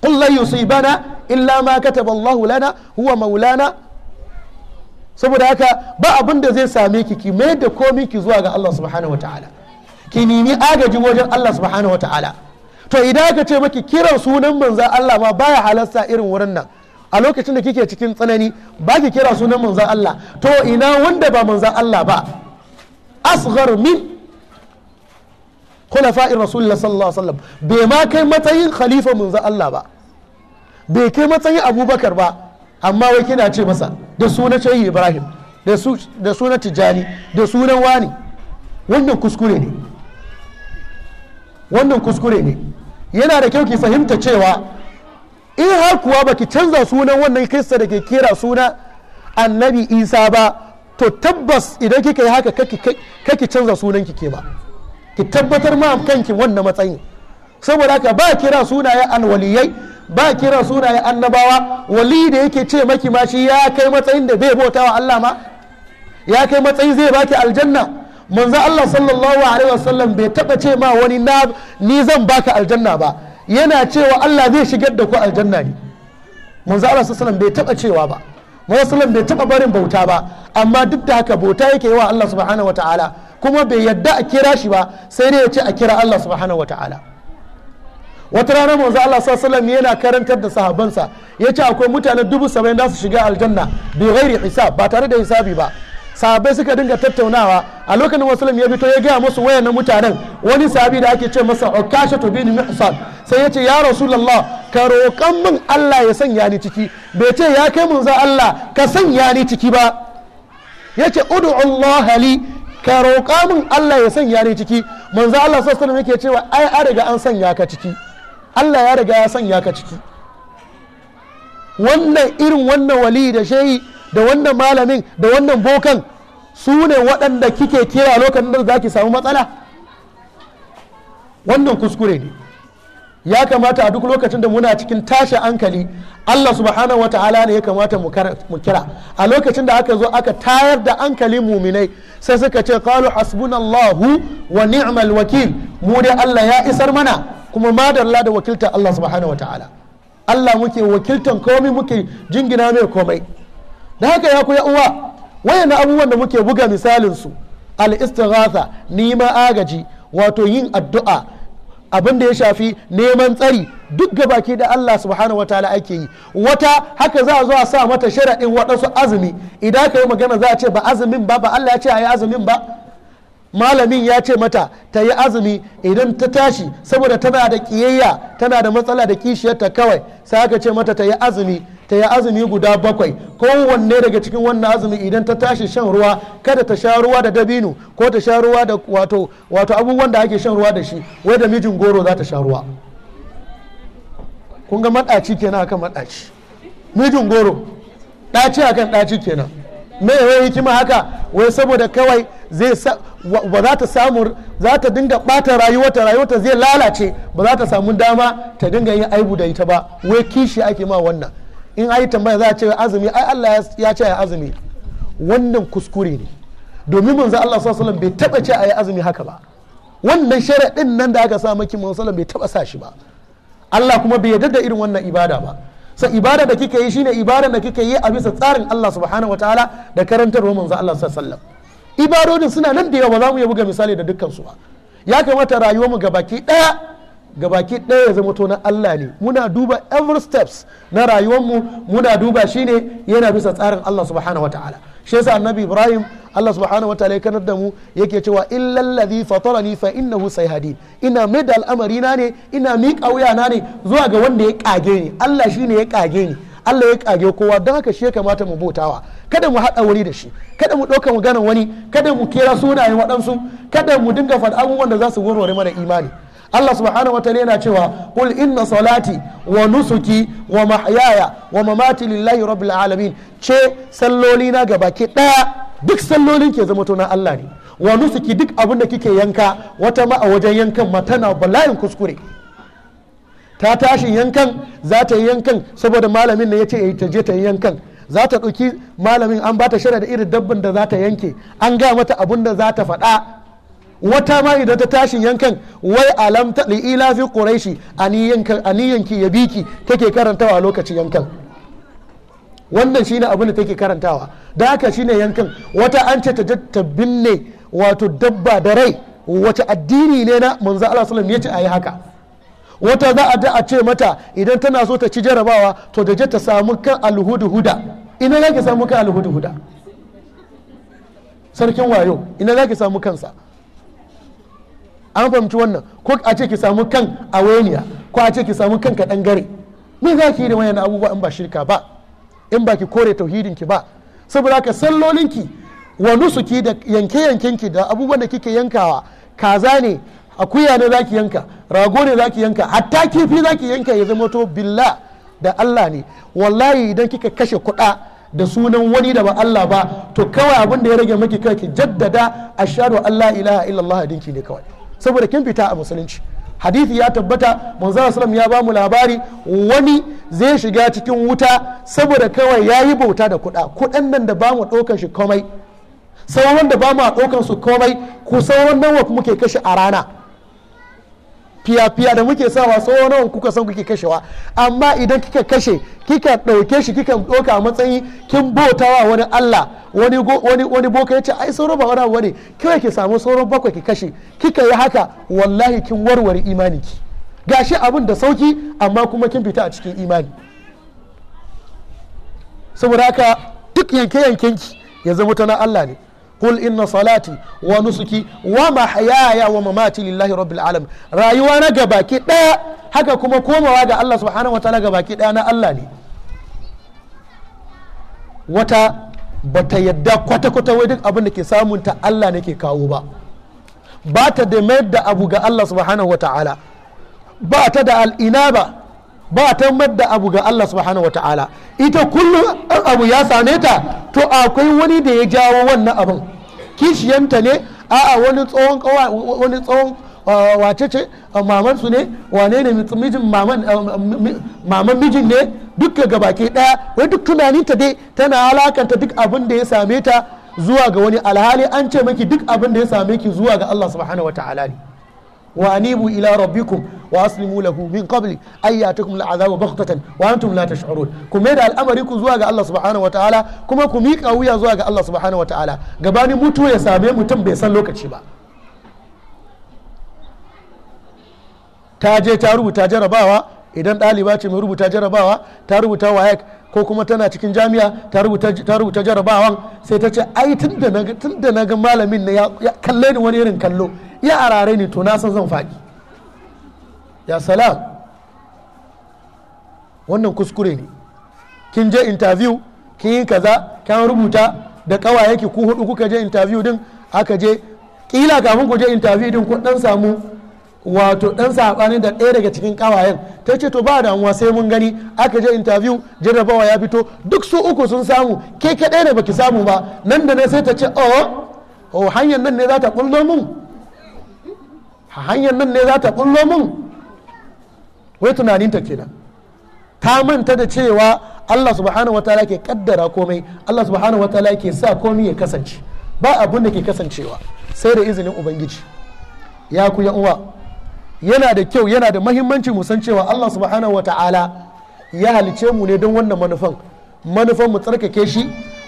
قل لن يصيبنا الا ما كتب الله لنا هو مولانا saboda haka ba abin da zai same ki ki mai da komi ki zuwa ga Allah subhanahu wataala ki nemi agaji wajen Allah subhanahu wataala to idan aka ce maki kiran sunan manzan Allah ma baya halasta irin wurin nan a lokacin da kike cikin tsanani ba ki kira sunan manzan Allah to ina wanda ba manzan Allah ba asghar min khulafa'ir rasulullah sallallahu alaihi bai ma kai matsayin khalifa munzo Allah ba bai kai matsayin abubakar ba amma wai kina ce masa da sunan shehi ibrahim da sunan tijjani da sunan wani wannan kuskure ne wannan kuskure ne yana da kyau ki fahimta cewa in har kuwa baki canza sunan wannan kirista da ke kira suna annabi isa ba to tabbas idan kika yi haka kaki canza sunan ki ke ba ki tabbatar ma kanki wannan matsayin saboda haka ba kira sunaye alwaliyai ba kira sunaye annabawa wali da yake ce maki ma shi ya kai matsayin da bai bauta wa Allah ma ya kai matsayi zai baki aljanna manzo Allah sallallahu alaihi wasallam bai taba ce ma wani na ni zan baka aljanna ba yana cewa Allah zai shigar da ku aljanna ne manzo Allah sallallahu alaihi wasallam bai taba cewa ba Musulun bai taba barin bauta ba amma duk da haka bauta yake yi wa Allah subhanahu ta'ala kuma bai yadda a kira shi ba sai dai ya ce a kira Allah subhanahu ta'ala. wata rana manzo Allah sallallahu alaihi yana karantar da sahabbansa yace akwai mutane dubu 70 da su shiga aljanna bi ghairi hisab ba tare da hisabi ba sahabbai suka dinga tattaunawa a lokacin wasallam ya fito ya gaya musu wayannan mutanen wani sahabi da ake ce masa ukashatu bin mihsan sai yace ya rasulullah ka roƙon min Allah ya sanya ni ciki bai ce ya kai mun za Allah ka sanya ni ciki ba yace ud'u Allah li ka roƙa min Allah ya sanya ni ciki manzo Allah sallallahu alaihi yake cewa ai an riga an sanya ka ciki Allah ya riga ya sanya ka ciki wannan irin wannan wali da shehi da wannan malamin da wannan bokan su ne waɗanda kike kira lokacin da za ki samu matsala wannan kuskure ne ya kamata a duk lokacin da muna cikin tashi hankali Allah subhanahu wata'ala ne ya kamata mu kira a lokacin da aka zo aka tayar da hankali muminai sai suka ce qalu hasbunallahu wa ni'mal wakil mu dai Allah ya isar mana kuma madalla da wakilta Allah subhanahu wata'ala Allah muke wakiltan komai muke jingina mai komai da haka ya ku uwa wayannan abubuwan da muke buga misalin su al-istighatha nima agaji wato yin addu'a abin da ya shafi neman tsari duk ga baki da Allah subhanahu wa ta'ala ake yi wata haka za a zo a sa mata sharaɗin waɗansu azumi idan ka yi magana za a ce ba azumin ba ba Allah ya ce a yi azumin ba malamin ya ce mata ta yi azumi idan ta tashi saboda tana da kiyayya tana da matsala da kishiyarta kawai sai aka ce mata ta yi azumi ta yi azumi guda bakwai kowanne daga cikin wannan azumi idan ta tashi shan ruwa kada ta sha ruwa da dabino ko ta sha ruwa da wato wato abubuwan da ake shan ruwa da shi wai da mijin goro za ta sha ruwa kun ga maɗaci kenan akan maɗaci mijin goro ɗaci akan ɗaci kenan me yi hikima haka wai saboda kawai zai ba za ta samu za ta dinga bata rayuwarta rayuwarta zai lalace ba za ta samu dama ta dinga yin aibu da ita ba wai kishi ake ma wannan in ayi tambaya za a ce azumi ai Allah ya ce ya azumi wannan kuskure ne domin manzo Allah sallallahu alaihi bai taba ce ayi azumi haka ba wannan ɗin nan da aka sa maki manzo bai taba sa shi ba Allah kuma bai yarda da irin wannan ibada ba sa ibada da kike yi shine ibada da kike yi a bisa tsarin Allah subhanahu wataala da karantarwa manzo Allah sallallahu alaihi ibadodin suna nan da yawa ba za mu yi buga misali da dukkan su ba ya kamata rayuwarmu gabaki daya gabaki ɗaya ya zama na Allah ne muna duba every steps na rayuwarmu muna duba shi ne yana bisa tsarin Allah subhanahu wataala shi yasa annabi Ibrahim Allah subhanahu wataala ya kanar da mu yake cewa illal ladhi fatarani fa innahu sayhadin ina mai da al'amari na ne ina miƙa wuya na ne zuwa ga wanda ya kage ni Allah shine ya kage ni Allah ya kage kowa don haka shi ya kamata mu bautawa kada mu haɗa wani da shi kada mu ɗauka maganar wani kada mu kera sunayen waɗansu kada mu dinga faɗa abubuwan da za su warware mana imani Allah subhanahu wa ta'ala yana cewa qul inna salati wa nusuki wa mahyaya wa mamati lillahi rabbil alamin ce salloli na gaba ke daya duk sallolin ke zama na Allah ne wa nusuki duk abin da kike yanka wata ma a wajen yankan ma tana bala'in kuskure ta tashi yankan za ta yi yankan saboda malamin ne ya ce eh, ta je ta yi yankan za ta ɗauki malamin an ba ta shara da irin dabban da za ta yanke an ga mata abin da za ta faɗa wata ma idan ta tashi yankan wai alam ta ila fi quraishi a aniyanki ya biki take karantawa a lokacin yankan wannan shine abin da take karantawa da haka shine yankan wata an ce ta binne wato dabba da rai wace addini ne na manzo Allah sallallahu ya ce ayi haka wata za a a ce mata idan tana so ta ci jarabawa to da je ta samu kan alhudu ina za ki samu kan alhudu sarkin wayo ina za ki samu kansa an fahimci wannan ko a ce ki samu kan aweniya ko a ce ki samu kan dan gare me za ki yi da wayan abubuwa in ba shirka ba in ba ki kore tauhidin ki ba saboda haka ki wa nusuki da yanke yanken ki da abubuwan da kike yankawa kaza ne akuya ne zaki yanka rago ne zaki yanka hatta kifi zaki yanka ya zama to billa da Allah ne wallahi idan kika kashe kuɗa da sunan wani da ba Allah ba to kawai abin da ya rage maki kawai ki jaddada ashhadu an la ilaha illallah dinki ne kawai saboda kin fita a musulunci hadithi ya tabbata manzo sallam ya bamu labari wani zai shiga cikin wuta saboda kawai yayi bauta da kuɗa kuɗan nan da bamu daukar shi komai sauran da bamu daukar su komai ku sauran nan wa muke kashe a rana fiya-fiya da muke sawa tsawo nawa kuka san kuke kashewa amma idan kika kashe kika ɗauke shi kika ɗauka a matsayi kin bautawa wani Allah wani wani wani boka yace ai sauro ba wani wani kawai ki samu sauran bakwai ki kashe kika yi haka wallahi kin warware imani ki gashi abin da sauki amma kuma kin fita a cikin imani saboda haka duk yanke yankenki ya zama ta na Allah ne kul inna salati wa nusuki wa hayaya wa mamati lillahi rabbil alamin rayuwa na gabaki ɗaya. haka kuma komawa ga Allah subhanahu wataala gabaki daya na Allah ne wata bata yadda kwata-kwata wai duk abin da ke samunta Allah nake ke kawo ba Bata da mayar da abu ga Allah subhanahu wataala ba ta da al'ina ba ba ta da abu ga Allah subhanahu wata'ala ita kullum abu ya same ta to akwai wani da ya jawo wannan abin kishiyanta ne a'a wani tsohon wani tsohon uh, wace ce uh, maman su ne wane ne mijin uh, maman mijin ne duk ga baki daya wai duk tunanin ta dai tana alakanta duk abin da ya same ta zuwa ga wani alhali an ce miki duk abin da ya same ki zuwa ga Allah subhanahu wata'ala ne wa anibu ila rabbikum wa aslimu lahu min qabli ay yatukum al'azabu baghtatan wa antum la tash'urun ku mai da al'amari ku zuwa ga Allah subhanahu wataala kuma ku miƙa wuya zuwa ga Allah subhanahu wataala gabanin mutu ya same mutum bai san lokaci ba ta je ta rubuta jarabawa idan ɗaliba ce mai rubuta jarabawa ta rubuta wayek ko kuma tana cikin jami'a ta rubuta jarabawan sai ta ce ai tun da na ga malamin na ya kalle ni wani irin kallo ya arare ni to na san zan faɗi ya salak wannan kuskure ne kin je interview kin yi kaza kan rubuta da kawaye ki ku hudu kuka je interview din aka je kila kafin ku je interview din ko dan samu wato dan sabani da ɗaya daga cikin kawayen ta ce to ba damuwa sai mun gani aka je interview jarrabawa ya fito duk su uku sun samu ke kaɗai da baki samu ba nan da ne sai ta ce oh oh hanyar nan ne za ta ɓullo bullo mun wai tunanin ta kenan ta manta da cewa Allah subhanahu ta'ala ke kaddara komai Allah subhanahu ta'ala ke sa komai ya kasance ba abun da ke kasancewa sai da izinin ubangiji ya ku ya uwa yana da kyau yana da mahimmanci mu san cewa Allah subhanahu ta'ala ya halice mu ne don wannan manufan manufan mu tsarkake shi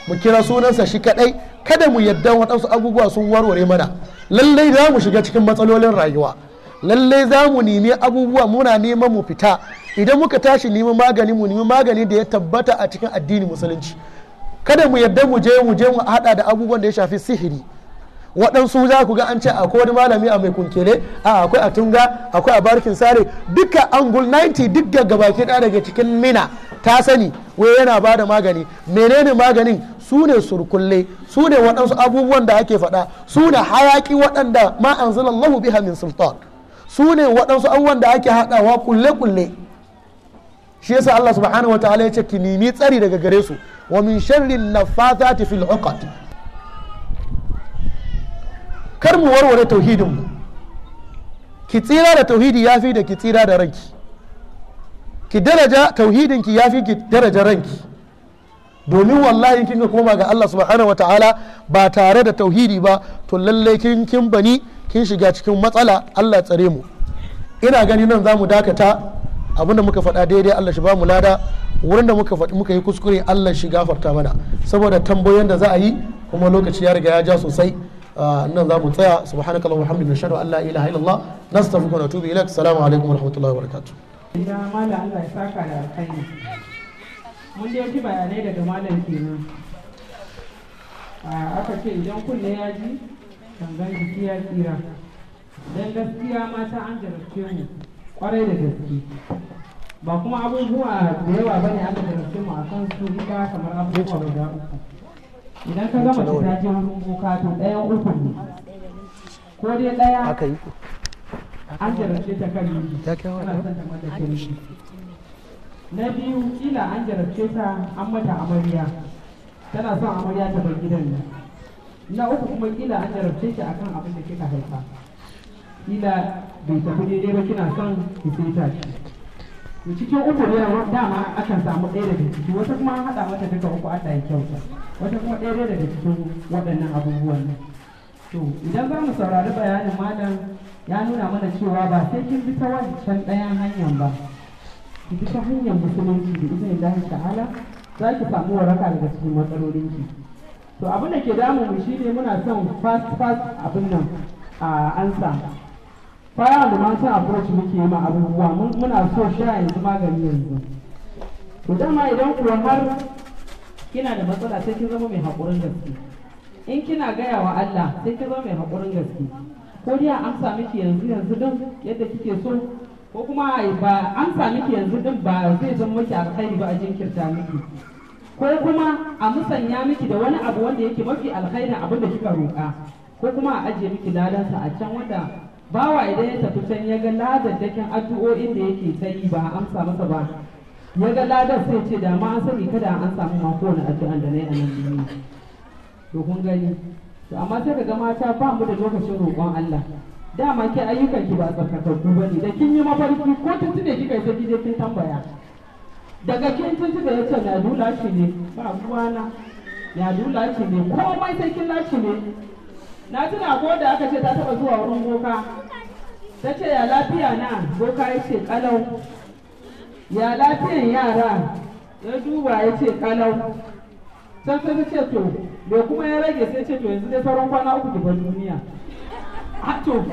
mu kira sunansa shi kadai kada mu yadda waɗansu abubuwa sun warware mana lallai za mu shiga cikin matsalolin rayuwa Lallai za mu nemi abubuwa muna neman mu fita idan muka tashi neman magani mu nemi magani da ya tabbata a cikin addini musulunci kada mu yadda mu je mu je mu hada da abubuwan da ya shafi sihiri waɗansu za ku ga an ce a wani malami a mai kunkele a akwai a tunga akwai a barkin sare duka angul 90 duk daga baki ɗaya daga cikin mina ta sani wai yana ba da magani menene maganin su ne surkulle su ne waɗansu abubuwan da ake faɗa su ne hayaƙi waɗanda ma anzalallahu biha min sultan su ne waɗansu abubuwan da ake haɗawa kulle-kulle shi yasa Allah subhanahu wa ta'ala ya ce ki nimi tsari daga gare su wa min sharri nafathati fil uqad kar mu warware tauhidin mu ki tsira da tauhidi yafi da ki tsira da ranki ki daraja tauhidin ki yafi ki daraja ranki domin wallahi kin ga koma ga Allah subhanahu wa ta'ala ba tare da tauhidi ba to lallai kin kin bani kin shiga cikin matsala Allah tsare mu ina gani nan za mu dakata abinda muka faɗa daidai Allah shi ba mu lada wurin da muka faɗi muka yi kuskure Allah shi gafarta mana saboda tambayoyin da za a yi kuma lokaci ya riga ya ja sosai ah, nan za mu tsaya subhanaka allahumma hamdika nashhadu an la ilaha illallah nastaghfiruka wa natubu ilaik assalamu alaikum wa rahmatullahi wa barakatuh Idan mala Allah ya saka da alkhairi mun je ji bayanai daga malam kenan ah, aka ce idan kunne ya ji gangan jiki ya tsira don gaskiya mata an jarabce mu kwarai da gaske ba kuma abubuwa da yawa bane aka jarabce mu a kan su ita kamar abubuwa za'a uku idan ka gama ta ta je wurin to ɗayan uku ne ko dai ɗaya an jarabce ta kan miji ana son ta mata kirki na biyu kila an jarabce ta an mata amarya tana son amarya ta bar gidan nan na uku kuma kila an jarabce shi akan abin da kika haifa ila bai tafi daidai ba kina son ki saita shi cikin uku ne dama akan samu ɗaya daga ciki wata kuma an haɗa mata duka uku Allah ya kyauta wata kuma ɗaya daga cikin waɗannan abubuwan nan to idan za mu saurari bayanin malam ya nuna mana cewa ba sai kin bi ta wancan ɗayan hanyar ba ki bi ta hanyar musulunci da izinin Allah ta'ala za ki samu waraka daga cikin matsalolinki to abin da ke damu mu shine muna son fast fast abin nan a ansa fara da san approach muke yi ma abubuwa muna so sha yanzu magani yanzu to dama idan ku har kina da matsala sai kin zama mai haƙurin gaske in kina gaya wa Allah sai kin zama mai haƙurin gaske ko dai amsa miki yanzu yanzu din yadda kike so ko kuma ba amsa miki yanzu din ba zai zama miki alkhairi ba a jinkirta miki ko kuma a musanya miki da wani abu wanda yake mafi alkhairin abin da kika roƙa ko kuma a ajiye miki ladansa a can wanda bawa idan ya tafi can ya ga ladan dakin addu'o'in da yake ta yi ba amsa masa ba ya ga ladan sai ce da ma an sani kada an samu ma kowane addu'an da na yi a nan duniya to kun gani to amma sai ka ga mata ba mu da lokacin roƙon Allah dama ke ayyukan ki ba tsarkakakku ba ne da kin yi mafarki ko tun kika yi sai kin kin tambaya daga kin tuntuɓe ya ce na dula shi ne ba ruwana na dula shi ne komai sai kin lashi ne na tuna ko da aka ce ta taɓa zuwa wurin boka ta ce ya lafiya na boka ya ce kalau ya lafiyan yara ya duba ya ce kalau can sai ta ce to me kuma ya rage sai ce to yanzu dai sauran kwana uku ki duniya (laughs) a to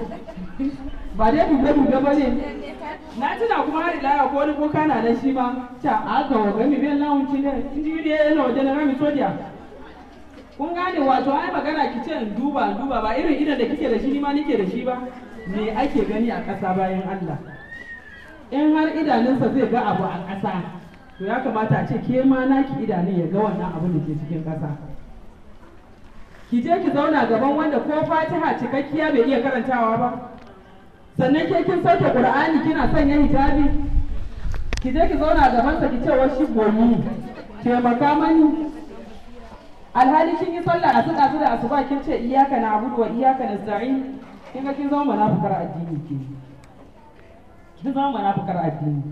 ba dai dubu mu ba ne eh, eh, eh, na tuna kuma har ila ko ni boka na da shi ma ta aka wa gami bin lawun ci ne inji ne wajen na rami kun gane wato ai magana ki ce duba duba ba irin idan da kike da shi ni ma nike da shi ba me ake gani a ƙasa bayan Allah in har idanunsa zai ga abu a ƙasa to ya kamata a ce ke ma naki idanun ya ga wannan abin da ke cikin ƙasa ki je ki zauna gaban wanda ko fatiha cikakkiya bai iya karantawa ba sannan ke kin sauke qur'ani kina sanya hijabi ki je ki zauna gaban sa ki ce wa shi goyi Ke mani alhali kin yi sallah a tsaka da asuba kin ce iyyaka na'budu wa iyyaka nasta'in kin ga kin zama munafikar addini ke kin zama munafikar addini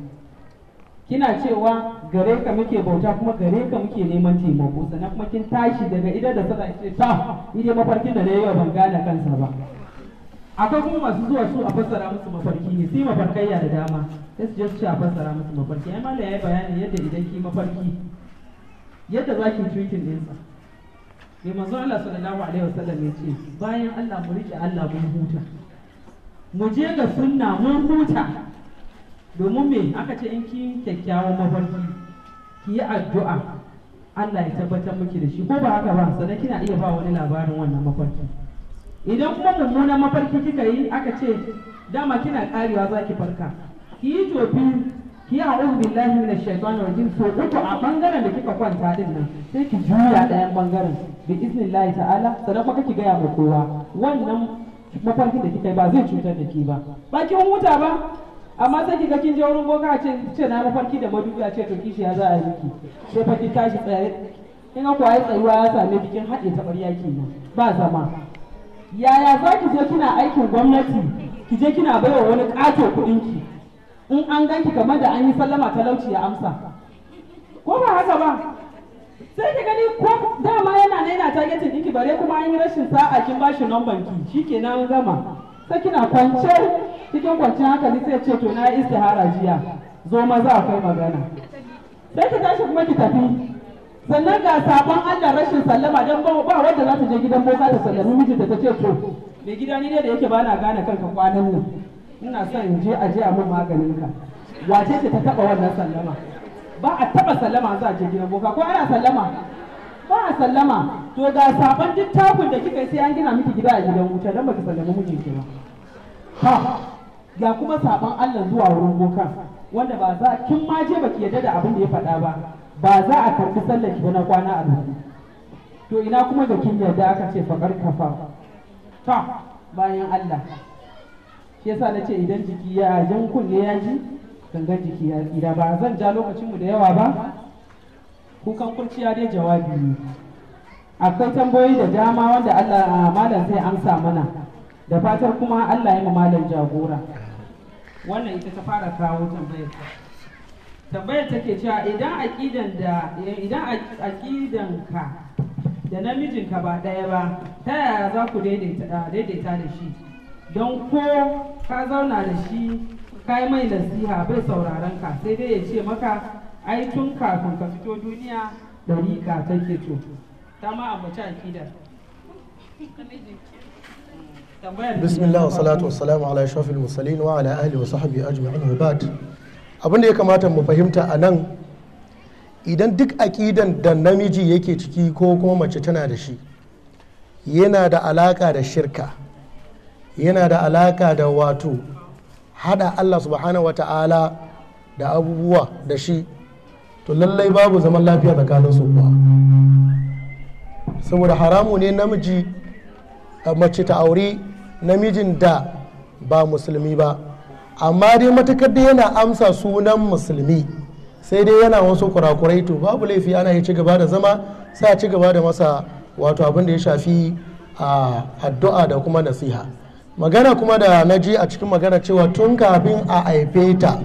kina cewa gare ka muke bauta kuma gare ka muke neman taimako sannan kuma kin tashi daga idan da suka ce ta idan mafarkin da na yi wa ban gane kansa ba akwai kuma masu zuwa su a fassara musu mafarki ne sai mafarkaiya da dama sai su je su ce a fassara musu mafarki ai mallaya yayi bayani yadda idan ki mafarki yadda za ki din sa mai manzo Allah sallallahu alaihi wasallam ya ce bayan Allah mu rike Allah mun huta mu je ga sunna mun huta domin me aka ce in ki kyakkyawan mafarki ki yi addu'a Allah ya tabbatar miki da shi ko ba haka ba sannan kina iya ba wani labarin wannan mafarki idan kuma mummunan mafarki kika yi aka ce dama kina karewa za ki farka ki yi tofi ki yi a'udhu billahi minash shaitani rajim so uku a bangaren da kika kwanta din nan sai ki juya ɗayan bangaren bi iznillahi ta'ala sannan kuma kake gaya ma kowa wannan mafarkin da kika yi ba zai cutar da ki ba ba ki huta ba amma sai kika kin je wurin boka ce ce na mafarki da madubi a ce to kishi ya za a yi ki sai fa ki tashi tsaye in ga kwaye tsayuwa ya same bikin haɗe ta ɓarya kenan ba zama yaya za ki je kina aikin gwamnati ki je kina baiwa wani ƙato kuɗinki in an ganki kamar da an yi sallama talauci ya amsa ko ba haka ba sai ki gani ko dama yana na yana targetin ɗinki bare kuma an yi rashin sa'a kin bashi nomban ki shikenan gama sai kina kwance cikin kwanciyar hankali sai ce to na istihara jiya zo maza akwai magana sai ki tashi kuma ki tafi sannan ga sabon Allah rashin sallama don ba wadda za ta je gidan boka ta sallami mijinta ta ce to mai gida ni ne da yake bana gane kanka kwanan nan ina son in je a je a mun maganin ka wace ce ta taba wannan sallama ba a taba sallama za a je gidan boka ko ana sallama ba a sallama to ga sabon duk takun da kika sai an gina miki gida a gidan wuta don baki sallami mijinki ba ha ga kuma sabon Allah zuwa wurin boka wanda ba za kin ma je baki yadda da abin da ya faɗa ba ba za a karbi sallar shi na kwana a rubu to ina kuma da kin yarda aka ce fakar kafa ta bayan Allah shi yasa nace idan jiki ya jan kunne ya ji gangan jiki ya ida ba zan ja lokacin mu da yawa ba kukan kurciya dai jawabi ne akwai tambayoyi da dama wanda Allah ah, malam zai amsa mana da fatar kuma Allah ya malam jagora wannan ita ta fara kawo tambayar tambayar take cewa idan aƙidan da idan ka da namijinka ba ɗaya ba ta yaya za ku daidaita da shi don ko ka zauna da shi ka yi mai nasiha bai sauraron ka sai dai ya ce maka ai tun kafin ka fito duniya ɗari ka take to ta ma ambaci aƙidar بسم الله والصلاة والسلام على أشرف المرسلين وعلى آله وصحبه أجمعين وبعد abin da ya kamata mu fahimta a nan idan duk aƙidan da namiji yake ciki ko kuma mace tana da shi yana da alaka da shirka yana da alaka da wato hada allah subhanahu wa ta'ala da abubuwa da shi to lallai babu zaman lafiya tsakanin su kuwa saboda haramu ne namiji mace ta aure namijin da ba musulmi ba amma dai matakar da yana amsa sunan musulmi sai dai yana wasu kurakurai to babu laifi ana ya ci gaba da zama sai a ci gaba da masa wato abin da ya shafi a addu'a da kuma nasiha magana kuma da na ji a cikin magana cewa tun kafin a haife ta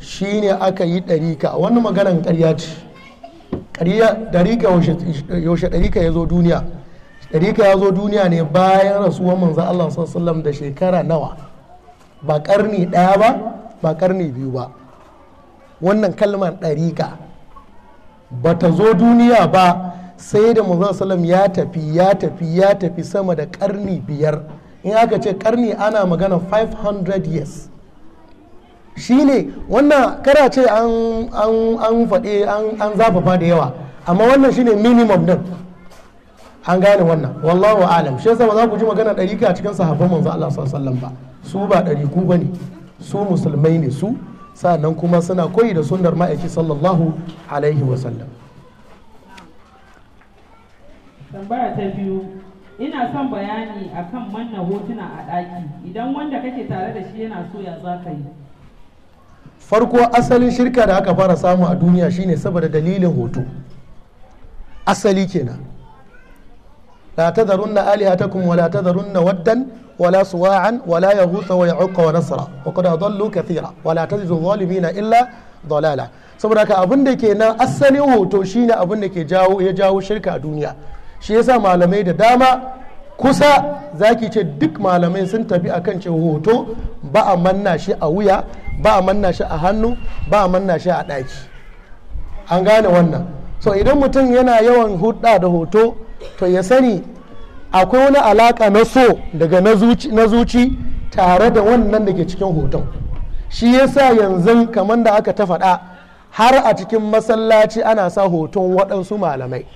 shine aka yi ɗarika wannan maganan ƙarya ce ɗarika yaushe ɗarika ya zo duniya ɗarika ya zo duniya ne bayan rasuwar manzo Allah sallallahu da shekara nawa ba karni ɗaya ba ba karni biyu ba wannan kalmar ɗariƙa ba ta zo duniya ba sai da manzon salam ya tafi ya tafi ya tafi sama da karni biyar in aka ce karni ana magana 500 years shi ne wannan kada ce an faɗe an zafafa da yawa amma wannan shi ne minimum din an gane wannan wallahu alam shi yasa ba za ku ji magana ɗarika cikin sahabban manzo Allah sallallahu alaihi wasallam ba su ba ku ba ne su musulmai ne su sa'annan kuma suna koyi da sunnar ma'aiki sallallahu alaihi wasallam tambaya ta biyu ina son bayani akan manna hotuna a ɗaki idan wanda kake tare da shi yana so ya za ka yi farko asalin shirka da aka fara samu a duniya shine saboda dalilin hoto asali kenan la tadharunna alihatakum wa la tadharunna waddan ولا سواعا ولا يغوث ويعق ونصرا وقد أضلوا كثيرا ولا تجد الظالمين إلا ضلالا saboda haka abin da ke nan asalin hoto shine abin da ke jawo ya jawo shirka a duniya shi yasa malamai da dama kusa zaki ce duk malamai sun tafi akan ce hoto ba a manna shi a wuya ba a manna shi a hannu ba a manna shi a ɗaki an gane wannan so idan mutum yana yawan hudda da hoto to ya sani akwai wani alaka na so daga na zuci tare da wannan da ke cikin hoton shi yasa yanzu kamar da aka ta faɗa har a cikin masallaci ana sa hoton waɗansu malamai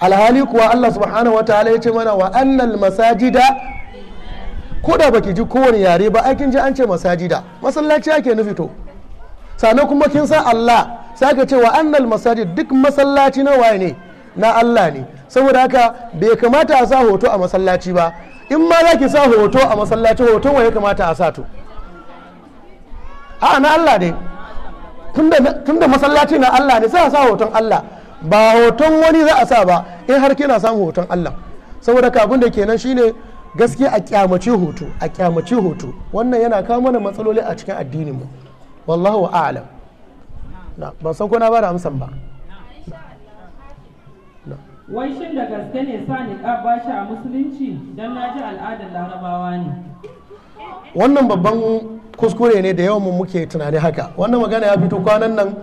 alhali kuwa allah subhanahu ta'ala ya ce mana wa annal masajida ko da baki ji kowane yare ba aikin ji an ce masajida masallaci ake nufi to sannan kuma kin san allah sai ka ce wa annal masajid duk masallaci na waye ne na allah ne saboda haka bai kamata a sa hoto a masallaci ba in ma za ki sa hoto a masallaci hoton wa ya kamata a sa to a na Allah ne tunda masallaci na Allah ne sai a sa hoton Allah ba hoton wani za a sa ba in har kina samun hoton Allah saboda ka abin da kenan shine gaskiya a kyamace hoto a kyamace hoto wannan yana kawo mana matsaloli a cikin addinin mu wallahu a'lam ban san ko na ba da amsan ba wai shin da gaske ne sa ka ba shi a musulunci dan na ji al'adar larabawa ne wannan babban kuskure ne da yawan muke tunani haka wannan magana ya fito kwanan nan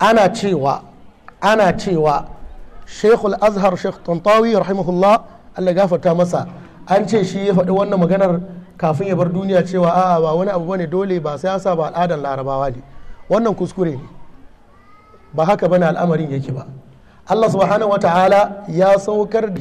ana cewa ana cewa shekul azhar shekh tantawi rahimahullah allah gafarta masa an ce shi ya faɗi wannan maganar kafin ya bar duniya cewa a'a ba wani abu bane dole ba siyasa ba al'adar larabawa ne wannan kuskure ne ba haka bane al'amarin yake ba Allah subhanahu wa ta'ala ya saukar da